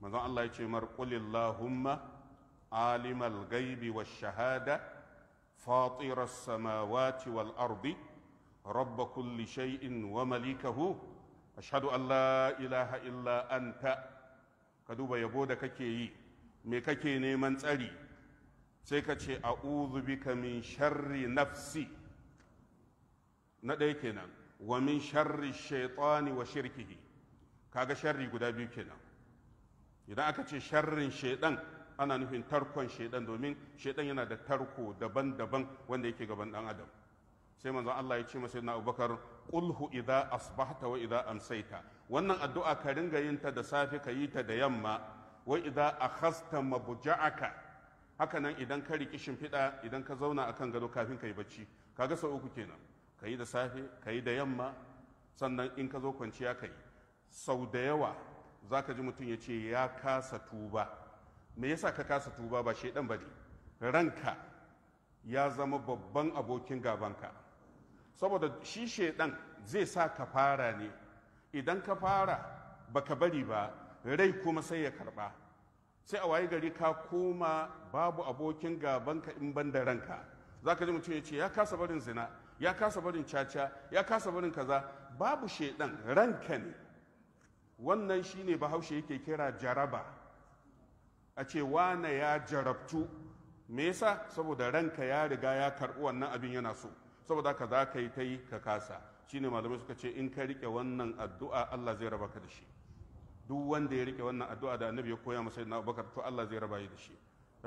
Speaker 1: manzon Allah ya ce mar alimal gaibi wa shahada فاطر السماوات والارض رب كل شيء ومليكه اشهد ان لا اله الا Ka duba yabo da kake yi me kake neman tsari sai ka ce a'udhu bika min sharri nafsi na ɗaya kenan wa min sharri shaitani wa shirkihi kaga sharri guda biyu kenan idan aka ce sharrin shaidan ana nufin tarkon shaidan domin shaidan yana da tarko daban-daban wanda yake gaban dan adam sai manzon Allah ya ce masa na Abubakar qulhu idza asbahta wa idza amsaita wannan addu'a ka ringa yin ta da safe ka yi ta da yamma wa idza akhasta mabja'aka haka nan idan ka riki shimfiɗa idan ka zauna akan gado kafin ka yi bacci kaga sau uku kenan ka yi da safe ka yi da yamma sannan in ka zo kwanciya ka yi sau da yawa za ka ji mutum ya ce ya kasa tuba me yasa ka kasa tuba ba shaidan ba ne ranka ya zama babban abokin gabanka saboda shi shaidan zai sa ka fara ne idan ka fara baka bari ba rai kuma sai ya karba sai a wayi gari ka koma babu abokin gabanka in ban da ranka za ka ji mutum ya ce ya kasa barin zina ya kasa barin caca ya kasa barin kaza babu shaidan ranka ne wannan shine bahaushe yake kira jaraba a ce wane ya jarabtu me yasa saboda ranka ya riga ya karɓi wannan abin yana so saboda ka za ka yi ta yi ka kasa shine malamai suka ce in ka rike wannan addu'a Allah zai raba ka da shi duk wanda ya rike wannan addu'a da annabi ya koya masa na abubakar to Allah zai raba shi da shi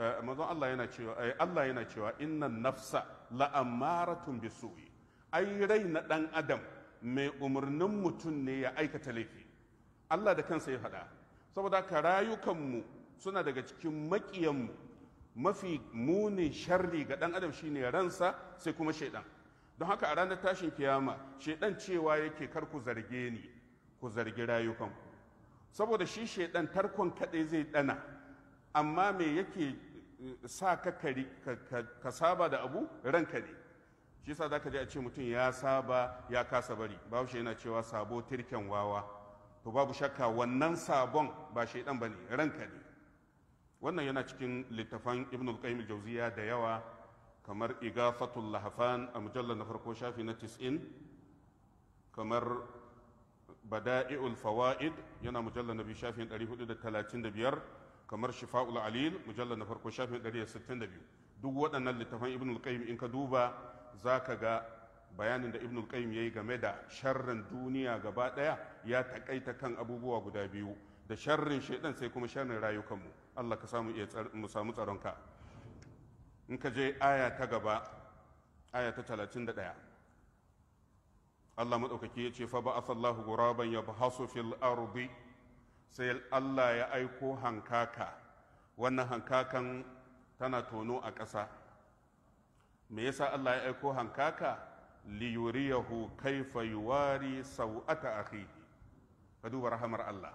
Speaker 1: eh, manzon Allah yana cewa eh, Allah yana cewa innan nafsa la'ammaratun bisu'i ai rai na ɗan adam mai umarnin mutum ne ya aikata laifi Allah da kansa ya faɗa saboda ka rayukanmu suna daga cikin maƙiyanmu mafi munin sharri ga ɗan adam shine ransa sai kuma shaidan don haka a ranar tashin kiyama shaidan cewa yake kar ku zarge ni ku zargi rayukanku saboda shi shaidan tarkon kaɗai zai ɗana amma me yake sa ka ka saba da abu ranka ne shi yasa zaka ji a ce mutum ya saba ya kasa bari bahaushe yana cewa sabo tirken wawa to babu shakka wannan sabon ba shaidan bane ranka ne wannan yana cikin littafan ibnul qayyim jauziya da yawa kamar igafatul lahafan a mujallar na farko shafi na 90 kamar bada'i'ul fawaid yana mujallar na biyu shafin 435 kamar shifa'ul alil mujallar na farko shafin 162 duk waɗannan littafan ibnul qayyim in ka duba za ka ga bayanin da ibnul qayyim ya yi game da sharrin duniya gaba ɗaya ya taƙaita kan abubuwa guda biyu da sharrin shaidan sai kuma sharrin rayukanmu allah ka samu iya mu samu tsaronka in ka je aya ta gaba aya ta 31 Allah maɗaukaki ya ce fa ba'athallahu ghuraban yabhasu fil ardi sai Allah ya aiko hankaka wannan hankakan tana tono a ƙasa me yasa Allah ya aiko hankaka liyuriyahu kaifa yuwari sau'ata akhihi ka duba rahamar Allah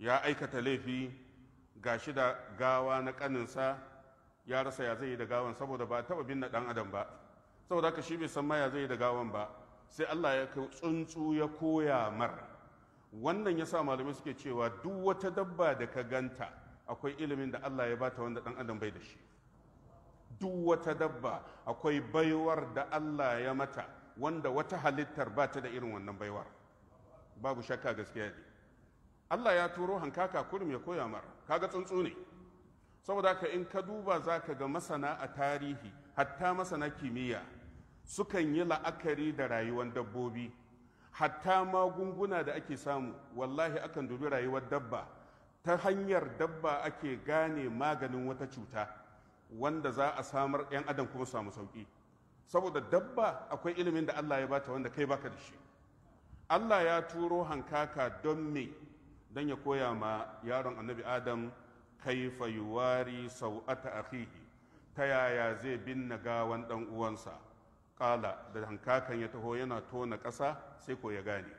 Speaker 1: ya aikata laifi gashi da gawa na ƙaninsa. ya rasa ya zai yi da gawan saboda ba taɓa binne ɗan adam ba saboda haka shi bai san ma ya zai yi da gawan ba sai Allah ya tsuntsu ya koya mar wannan ya sa malamai suke cewa duk wata dabba da ka ganta akwai ilimin da Allah ya bata wanda ɗan adam bai da shi duk wata dabba akwai baiwar da Allah ya mata wanda wata halittar ba ta da irin wannan baiwar babu shakka gaskiya ne Allah ya turo hankaka kurum ya koya mara kaga tsuntsu ne saboda haka in ka duba za ka ga masana a tarihi hatta masana kimiyya sukan yi la'akari da rayuwar dabbobi hatta magunguna da ake samu wallahi akan dubi rayuwar dabba ta hanyar dabba ake gane maganin wata cuta wanda za a samar 'yan adam kuma samu sauƙi saboda dabba akwai ilimin da Allah ya bata wanda kai baka da shi Allah ya turo hankaka don me don ya koya ma yaron annabi adam kaifa yuwari sau'ata akhihi ta yaya zai binne gawan dan uwansa kala da hankakan ya taho yana tona ƙasa sai ko ya gane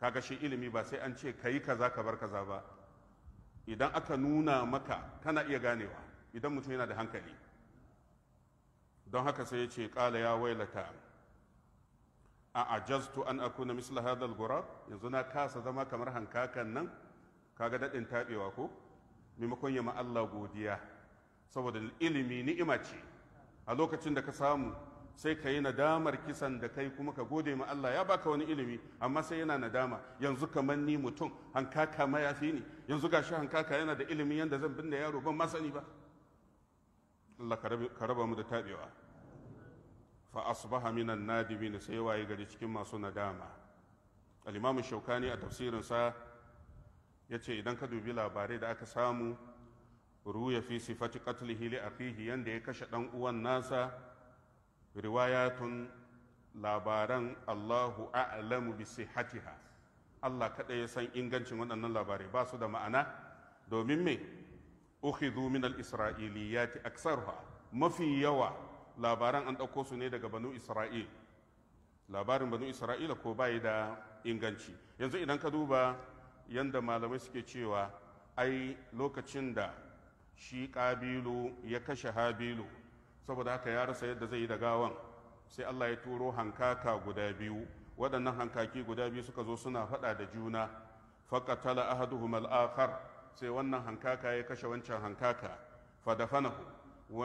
Speaker 1: kaga shi ilimi ba sai an ce ka yi kaza ka bar kaza ba idan aka nuna maka kana iya ganewa idan mutum yana da hankali don haka sai ya ce kala ya wailata a to an akuna misla hadal gurab yanzu na kasa zama kamar hankakan nan kaga daɗin taɓewa ko maimakon ya ma Allah godiya saboda ilimi ni'ima ce a lokacin da ka samu sai ka yi nadamar kisan da kai kuma ka gode ma Allah ya baka wani ilimi amma sai yana nadama yanzu kamar ni mutum hankaka ma ya yanzu gashi hankaka yana da ilimi yanda zan binne yaro ban masani ba Allah ka raba mu da tabewa fa asbaha minan nadimin sai waye gari cikin masu nadama al-imam shaukani a tafsirin sa yace idan ka dubi labarai da aka samu ruya fi sifati qatlihi li akhihi yanda ya kashe dan uwan nasa riwayatun labaran Allahu a'lamu bi sihhatiha Allah kaɗai ya san ingancin waɗannan labarai ba su da ma'ana domin me ukhidhu min al-isra'iliyati aktsaruha mafi yawa labaran an ɗauko su ne daga banu isra'il labarin banu isra'ila ko bai da inganci yanzu idan ka duba yanda malamai suke cewa ai lokacin da shi ƙabilu ya kashe habilu saboda haka ya rasa yadda zai yi da gawan sai Allah ya turo hankaka guda biyu waɗannan hankaki guda biyu suka zo suna faɗa da juna faqatala ahaduhum al sai wannan hankaka ya kashe wancan hankaka fa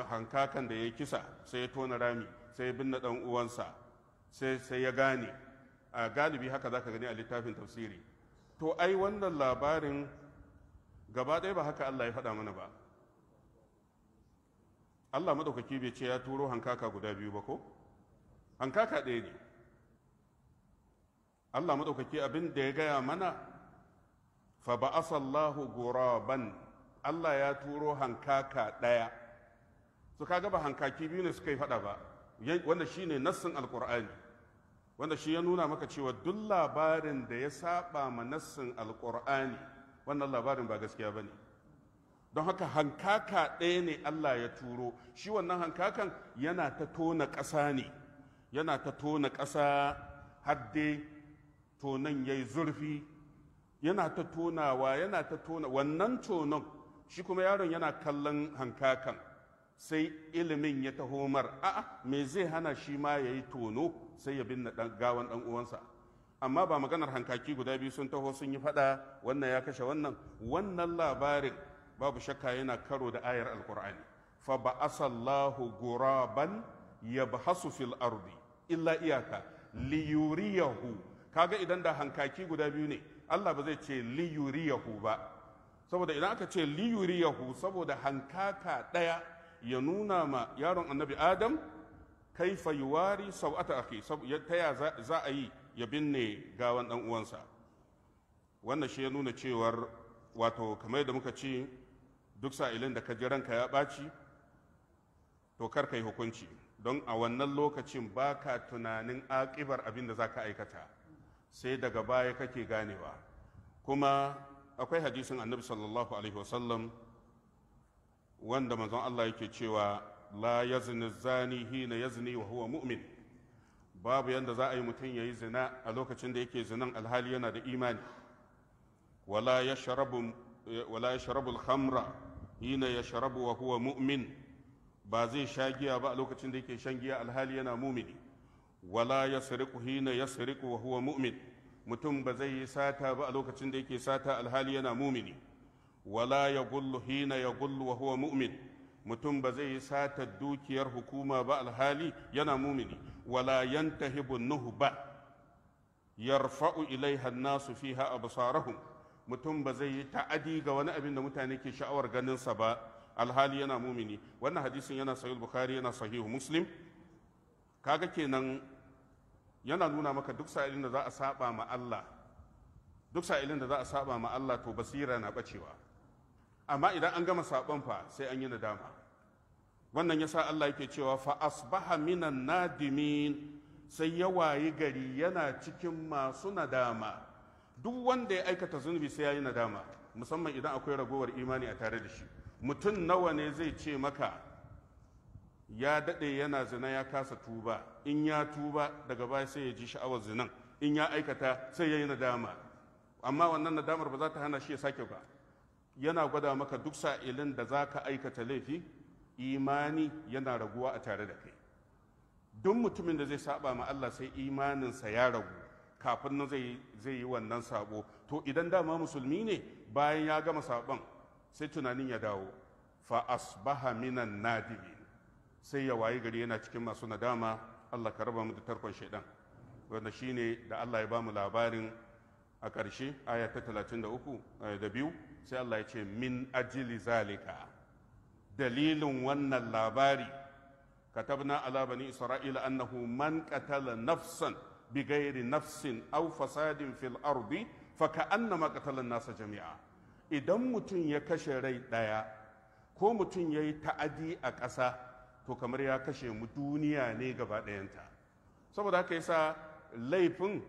Speaker 1: hankakan da ya kisa sai ya tona rami sai ya binne ɗan uwansa sai ya gane a galibi haka zaka gani a littafin tafsiri to ai wannan labarin gaba ɗaya ba haka Allah ya faɗa mana ba Allah madaukaki bai ce ya turo hankaka guda biyu ba ko hankaka ɗaya ne Allah madaukaki abin da ya gaya mana fa ba'asallahu guraban Allah ya turo hankaka ɗaya su kaga ba hankaki biyu ne suka yi faɗa ba wanda shine nassin alqur'ani wanda shi ya nuna maka cewa duk labarin da ya saba ma nassin Alƙur'ani wannan labarin ba gaskiya ba ne don haka hankaka ɗaya ne Allah ya turo shi wannan hankakan yana ta tona ƙasa ne yana ta tona ƙasa hadde tonan ya yi zurfi yana ta tonawa yana ta tona wannan tonon shi kuma yaron yana kallon hankakan sai ilimin ya taho mar a'a me zai hana shi ma ya yi tono sai ya binne gawan ɗan uwansa amma ba maganar hankaki guda biyu sun taho sun yi faɗa wannan ya kashe wannan wannan labarin babu shakka yana karo da ayar alkur'ani fa ba asallahu guraban ya yabhasu fil ardi illa iyaka liyuriyahu kaga idan da hankaki guda biyu ne Allah ba zai ce liyuriyahu ba saboda idan aka ce liyuriyahu saboda hankaka daya ya nuna ma yaron annabi adam kaifa yuwari sau'ata akhi ta ya za a yi ya binne gawan dan uwansa wannan shi ya nuna cewar wato kamar da muka ce duk sa'ilin da ka ji ranka ya ɓaci to kar ka yi hukunci don a wannan lokacin ba ka tunanin aƙibar abin da za ka aikata sai daga baya kake ganewa kuma akwai hadisin annabi sallallahu alaihi wasallam wanda manzon Allah yake cewa la yazni zani hina yazni wa huwa mu'min babu yadda za a yi mutum ya yi zina a lokacin da yake zinan alhali yana da imani wala ya sharabu Eh, wala yashrabu al-khamra hina yashrabu wa huwa mu'min ba zai sha giya ba a lokacin da yake shan giya alhali yana mumini wala yasriqu hina yasriqu wa huwa mu'min mutum ba zai yi sata ba a lokacin da yake sata alhali yana mumini wala yagullu hina yagullu wa huwa mu'min mutum ba zai yi sata dukiyar hukuma ba alhali yana mumini wala yantahibun nuhu ba yarfa'u ilaiha nasu fiha absarahum mutum ba zai yi ta'adi ga wani abin da mutane ke sha'awar ganinsa ba alhali yana mumini wannan hadisin yana sahih bukhari yana sahihu muslim kaga kenan yana nuna maka duk sa'ilin da za a saba ma Allah duk sa'ilin da za a saba ma Allah to basira na bacewa amma idan an gama saban fa sai an yi nadama wannan yasa Allah yake cewa fa asbaha minan nadimin sai ya wayi gari yana cikin masu nadama duk wanda ya aikata zunubi sai ya yi nadama musamman idan akwai ragowar imani a tare da shi mutum nawa ne zai ce maka ya daɗe yana zina ya kasa tuba in ya tuba daga baya sai ya ji sha'awar zinan in ya aikata sai ya yi nadama amma wannan nadamar ba za ta hana shi ya sake ba yana gwada maka duk sa'ilin da za ka aikata laifi imani yana raguwa a tare da kai duk mutumin da zai saba ma Allah sai imaninsa ya ragu kafin nan zai yi wannan sabo to idan dama musulmi ne bayan ya gama sabon sai tunanin ya dawo fa asbaha minan nadimi sai ya wayi gari yana cikin masu nadama Allah ka raba mu da tarkon shaidan wanda shine da Allah ya bamu labarin a ƙarshe aya ta 33 eh, da biyu sai Allah ya ce min ajili zalika dalilin wannan labari katabna ala bani isra'ila annahu man qatala nafsan bigayri nafsin aw fasadin fil ardi fa annama qatala nasa jami'a idan mutum ya kashe rai ɗaya ko mutum ya yi ta'adi a ƙasa to kamar ya kashe mu duniya ne gaba ɗayanta saboda haka yasa laifin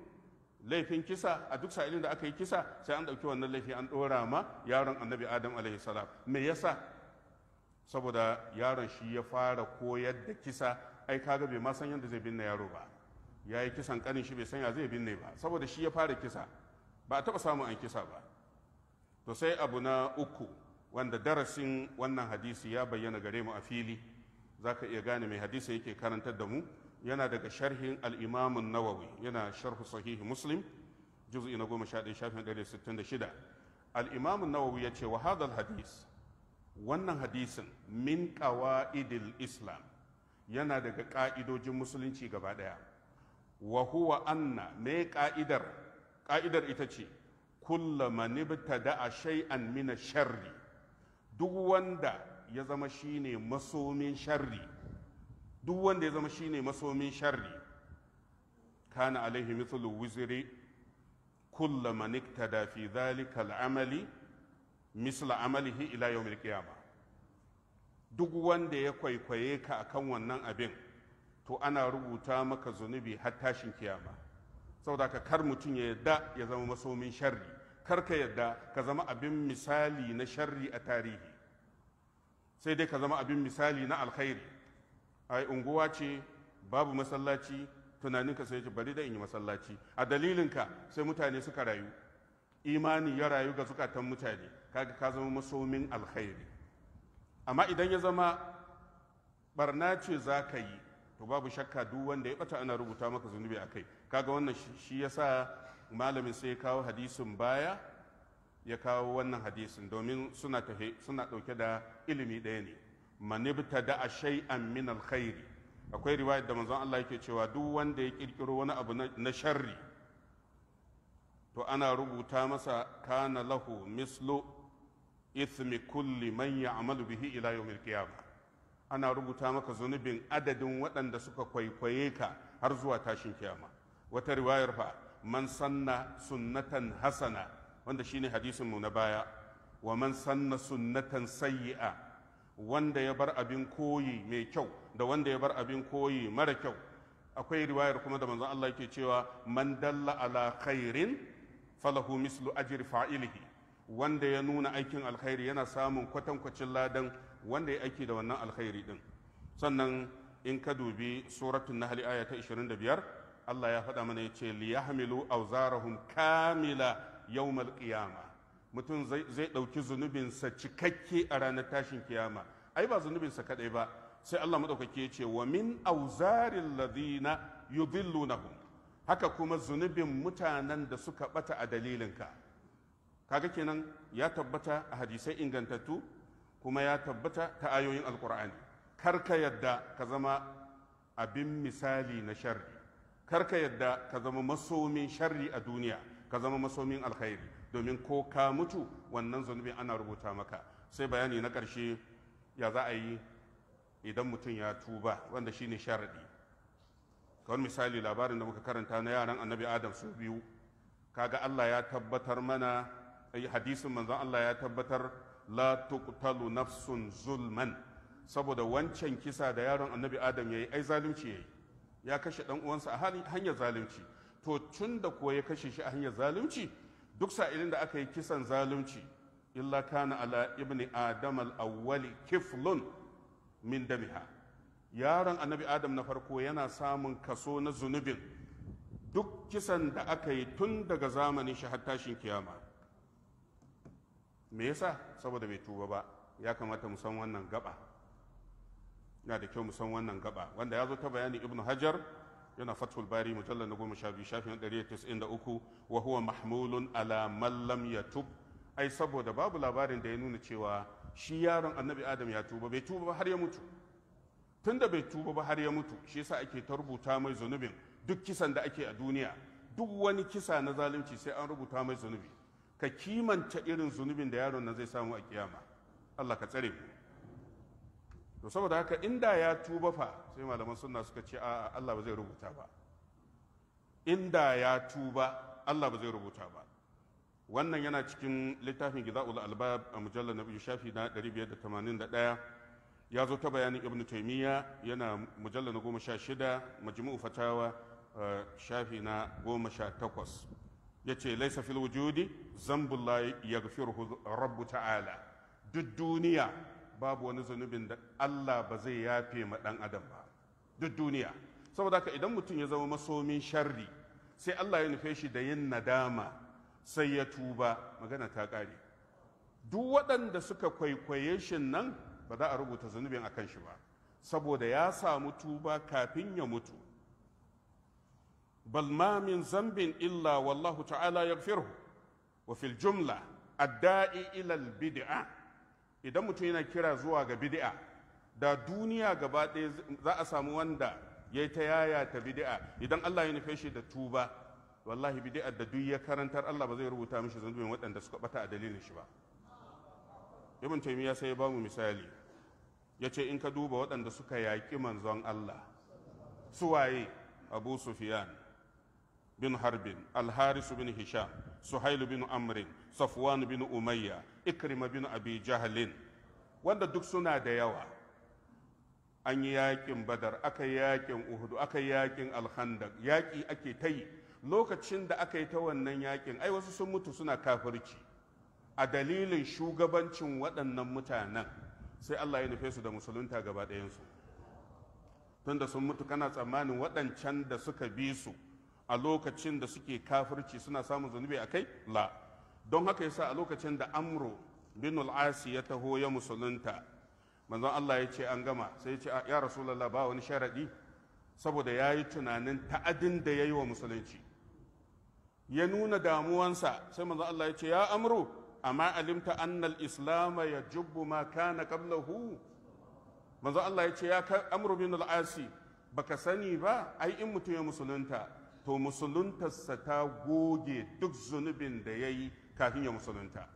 Speaker 1: laifin kisa a duk sa'ilin da aka yi kisa sai an ɗauki wannan laifi an ɗora ma yaron annabi adam alaihi salam me yasa saboda yaron shi ya fara koyar da kisa ai kaga bai ma san yadda zai binne yaro ba ya yi kisan kanin shi bai ya zai binne ba saboda shi ya fara kisa ba a taɓa samun an kisa ba to sai abu na uku wanda darasin wannan hadisi ya bayyana gare mu a fili za ka iya gane mai hadisi yake karantar da mu yana daga sharhin al'imamun nawawi yana sharhu sahihi muslim juz'i na goma sha ɗaya shafin ɗari sittin da shida al'imamun nawawi ya ce wa hadis wannan hadisin min idil islam yana daga ƙa'idojin musulunci gaba ɗaya wa huwa anna me ka'idar ka'idar ita ce kulla man ibtada shay'an min sharri duk wanda ya zama shine masomin sharri duk wanda ya zama shine masomin sharri kana alaihi mithlu wizri kulla man iktada fi dhalika al-amali misla amalihi ila al qiyamah duk wanda ya kwaikwaye ka akan wannan abin to ana rubuta maka zunubi har tashin kiyama saboda ka kar mutum ya yadda ya zama masomin sharri kar ka yadda ka zama abin misali na sharri a tarihi sai dai ka zama abin misali na alkhairi ai unguwa ce babu masallaci tunaninka sai ce bari da in yi masallaci a dalilinka sai mutane suka rayu imani ya rayu ga zukatan mutane kaga ka zama masomin alkhairi amma idan ya zama barna ce za ka yi to babu shakka duk wanda ya bata ana rubuta maka zunubi akai kaga wannan shi yasa malamin sai ya kawo hadisin baya ya kawo wannan hadisin domin suna tafe suna dauke da ilimi ɗaya ne manibta da shay'an min alkhairi akwai riwaya da manzon Allah yake cewa duk wanda ya kirkiro wani abu na sharri to ana rubuta masa kana lahu mislu ithmi kulli man ya'malu bihi ila yawmil qiyamah ana rubuta maka zunubin adadin waɗanda suka kwaikwaye ka har zuwa tashin kiyama wata riwayar fa man sanna sunnatan hasana wanda shine hadisin mu na baya wa man sanna sunnatan sayyi'a wanda ya bar abin koyi mai kyau da wanda ya bar abin koyi mara kyau akwai riwayar kuma da manzon Allah yake cewa man dalla ala khairin falahu mislu ajri fa'ilihi wanda ya nuna aikin alkhairi yana samun kwatankwacin ladan wanda ya aiki da wannan alkhairi din sannan in ka dubi suratul nahl aya ta 25 Allah ya faɗa mana yace liyahmilu auzarahum kamila yawmal qiyama mutum zai ɗauki zunubinsa cikakke a ranar tashin kiyama ai ba zunubinsa kadai ba sai Allah madaukake yace wa min awzaril ladina yudhillunahum haka kuma zunubin mutanen da suka bata a dalilinka kaga kenan ya tabbata a hadisai ingantattu kuma ya tabbata ta ayoyin alkur'ani kar ka yadda ka zama abin misali na sharri kar ka yadda ka zama masomin sharri a duniya ka zama masomin alkhairi domin ko ka mutu wannan zunubin ana rubuta maka sai bayani na ƙarshe ya za a yi idan mutum ya tuba wanda shine sharadi kawai misali labarin da muka karanta na yaran annabi adam su biyu kaga allah ya tabbatar mana eh, hadisin manzon allah ya tabbatar la tuqtalu nafsun zulman saboda wancan kisa da yaron annabi adam yayi ai zalunci yayi ya kashe dan uwansa a hanyar zalunci to tun da kuwa ya kashe shi a hanyar zalunci duk sa'ilin da aka yi kisan zalunci illa kana ala ibni adam al-awwali kiflun min damiha yaron annabi adam na farko yana samun kaso na zunubin duk kisan da aka yi tun daga zamanin shi har tashin kiyama me yasa saboda bai tuba ba ya kamata mu san wannan gaba yana da kyau mu san wannan gaba wanda ya zo ta bayani ibnu hajar yana fathul bari mujallar na goma sha biyu shafin ɗari da uku wa huwa mahmulun ala mallam ya tub ai saboda babu labarin da ya nuna cewa shi yaron annabi adam ya tuba bai tuba ba har ya mutu tunda bai tuba ba har ya mutu shi yasa ake ta rubuta mai zunubin duk kisan da ake a duniya duk wani kisa na zalunci sai an rubuta mai zunubi ka kimanta irin zunubin da yaron nan zai samu a kiyama Allah ka tsare to saboda haka inda ya tuba fa sai malaman sunna suka ce a'a Allah ba zai rubuta ba inda ya tuba Allah ba zai rubuta ba wannan yana cikin littafin giza'ul albab a mujallar na biyu shafi na 581 ya zo ta bayanin ibn taimiyya yana mujallar na goma sha shida majmu'u fatawa eh, shafi na goma sha takwas yace laisa fil wujudi zambul la yaghfiruhu rabbu ta'ala duk duniya babu wani zunubin da Allah ba zai yafe ma dan adam ba duk duniya saboda haka idan mutum ya zama masomin sharri sai Allah ya nufe shi da yin nadama sai ya tuba magana ta kare duk waɗanda suka kwaikwaye shi nan ba za a rubuta zunubin a kan shi ba saboda ya samu tuba kafin ya mutu Balmamin zambin illa wallahu ta'ala والله تعالى يغفره وفي الجملة الداعي إلى البدعة idan mutum yana kira zuwa ga bid'a da duniya gaba ɗaya za a samu wanda ya ta yaya ta bid'a idan Allah ya nufe shi da tuba wallahi bid'a da duk ya karantar Allah ba zai rubuta mishi zunubin waɗanda suka bata a dalilin shi ba ibn taymiya sai bamu misali yace in ka duba waɗanda suka yaƙi manzon Allah suwaye abu sufyan بن حرب الحارث bin Hisham, سهيل bin Amrin, صفوان bin أمية إكرم بن أبي جهل wanda duk suna da yawa an yi yakin badar aka yi yakin uhudu aka yi yakin alhandak yaki ake ta yi lokacin da aka yi ta wannan yaƙin, ai wasu sun mutu suna kafirci a dalilin shugabancin waɗannan mutanen sai Allah ya nufe su da musulunta gaba ɗayansu tunda sun mutu kana tsammanin waɗancan da suka bi su a lokacin da suke kafirci suna samun zunubi a kai la don haka yasa a lokacin da amro bin al'asi ya taho ya musulunta manzon Allah ya ce an gama sai ya ce ya rasulullah ba wani sharadi saboda ya yi tunanin ta'adin da ya yi wa musulunci ya nuna damuwansa sai manzon Allah ya ce ya amro amma alimta annal islama ya jubbu ma kana qablahu manzon Allah ya ce ya amro bin al'asi baka sani ba ai in mutum ya musulunta to musuluntarsa ta goge duk zunubin da ya yi kafin ya musulunta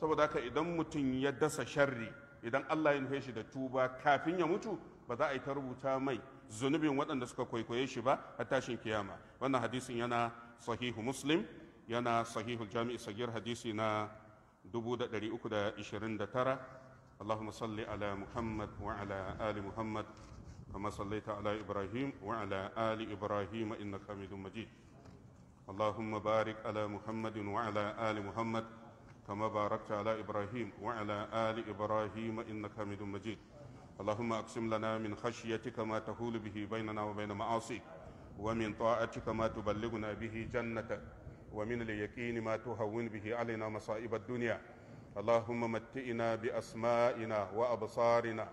Speaker 1: saboda haka idan mutum ya dasa sharri idan Allah ya nufe shi da tuba kafin ya mutu ba za a yi ta rubuta mai zunubin waɗanda suka kwaikwaye shi ba a tashin kiyama wannan hadisin yana sahihu muslim yana sahihu jami'i sagir hadisi na 329 اللهم صل على محمد وعلى ال محمد كما صليت على إبراهيم وعلى آل إبراهيم إنك حميد مجيد اللهم بارك على محمد وعلى آل محمد كما باركت على إبراهيم وعلى آل إبراهيم إنك حميد مجيد اللهم أقسم لنا من خشيتك ما تهول به بيننا وبين معاصيك ومن طاعتك ما تبلغنا به جنتك ومن اليقين ما تهون به علينا مصائب الدنيا اللهم متئنا بأسمائنا وأبصارنا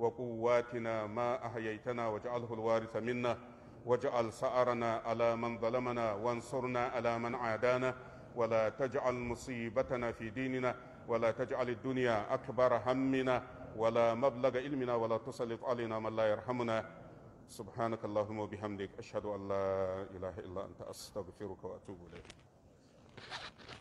Speaker 1: وقواتنا ما أحييتنا واجعله الوارث منا واجعل سأرنا على من ظلمنا وانصرنا على من عادانا ولا تجعل مصيبتنا في ديننا ولا تجعل الدنيا أكبر همنا ولا مبلغ علمنا ولا تسلط علينا من لا يرحمنا سبحانك اللهم وبحمدك أشهد أن لا إله إلا أنت أستغفرك وأتوب إليك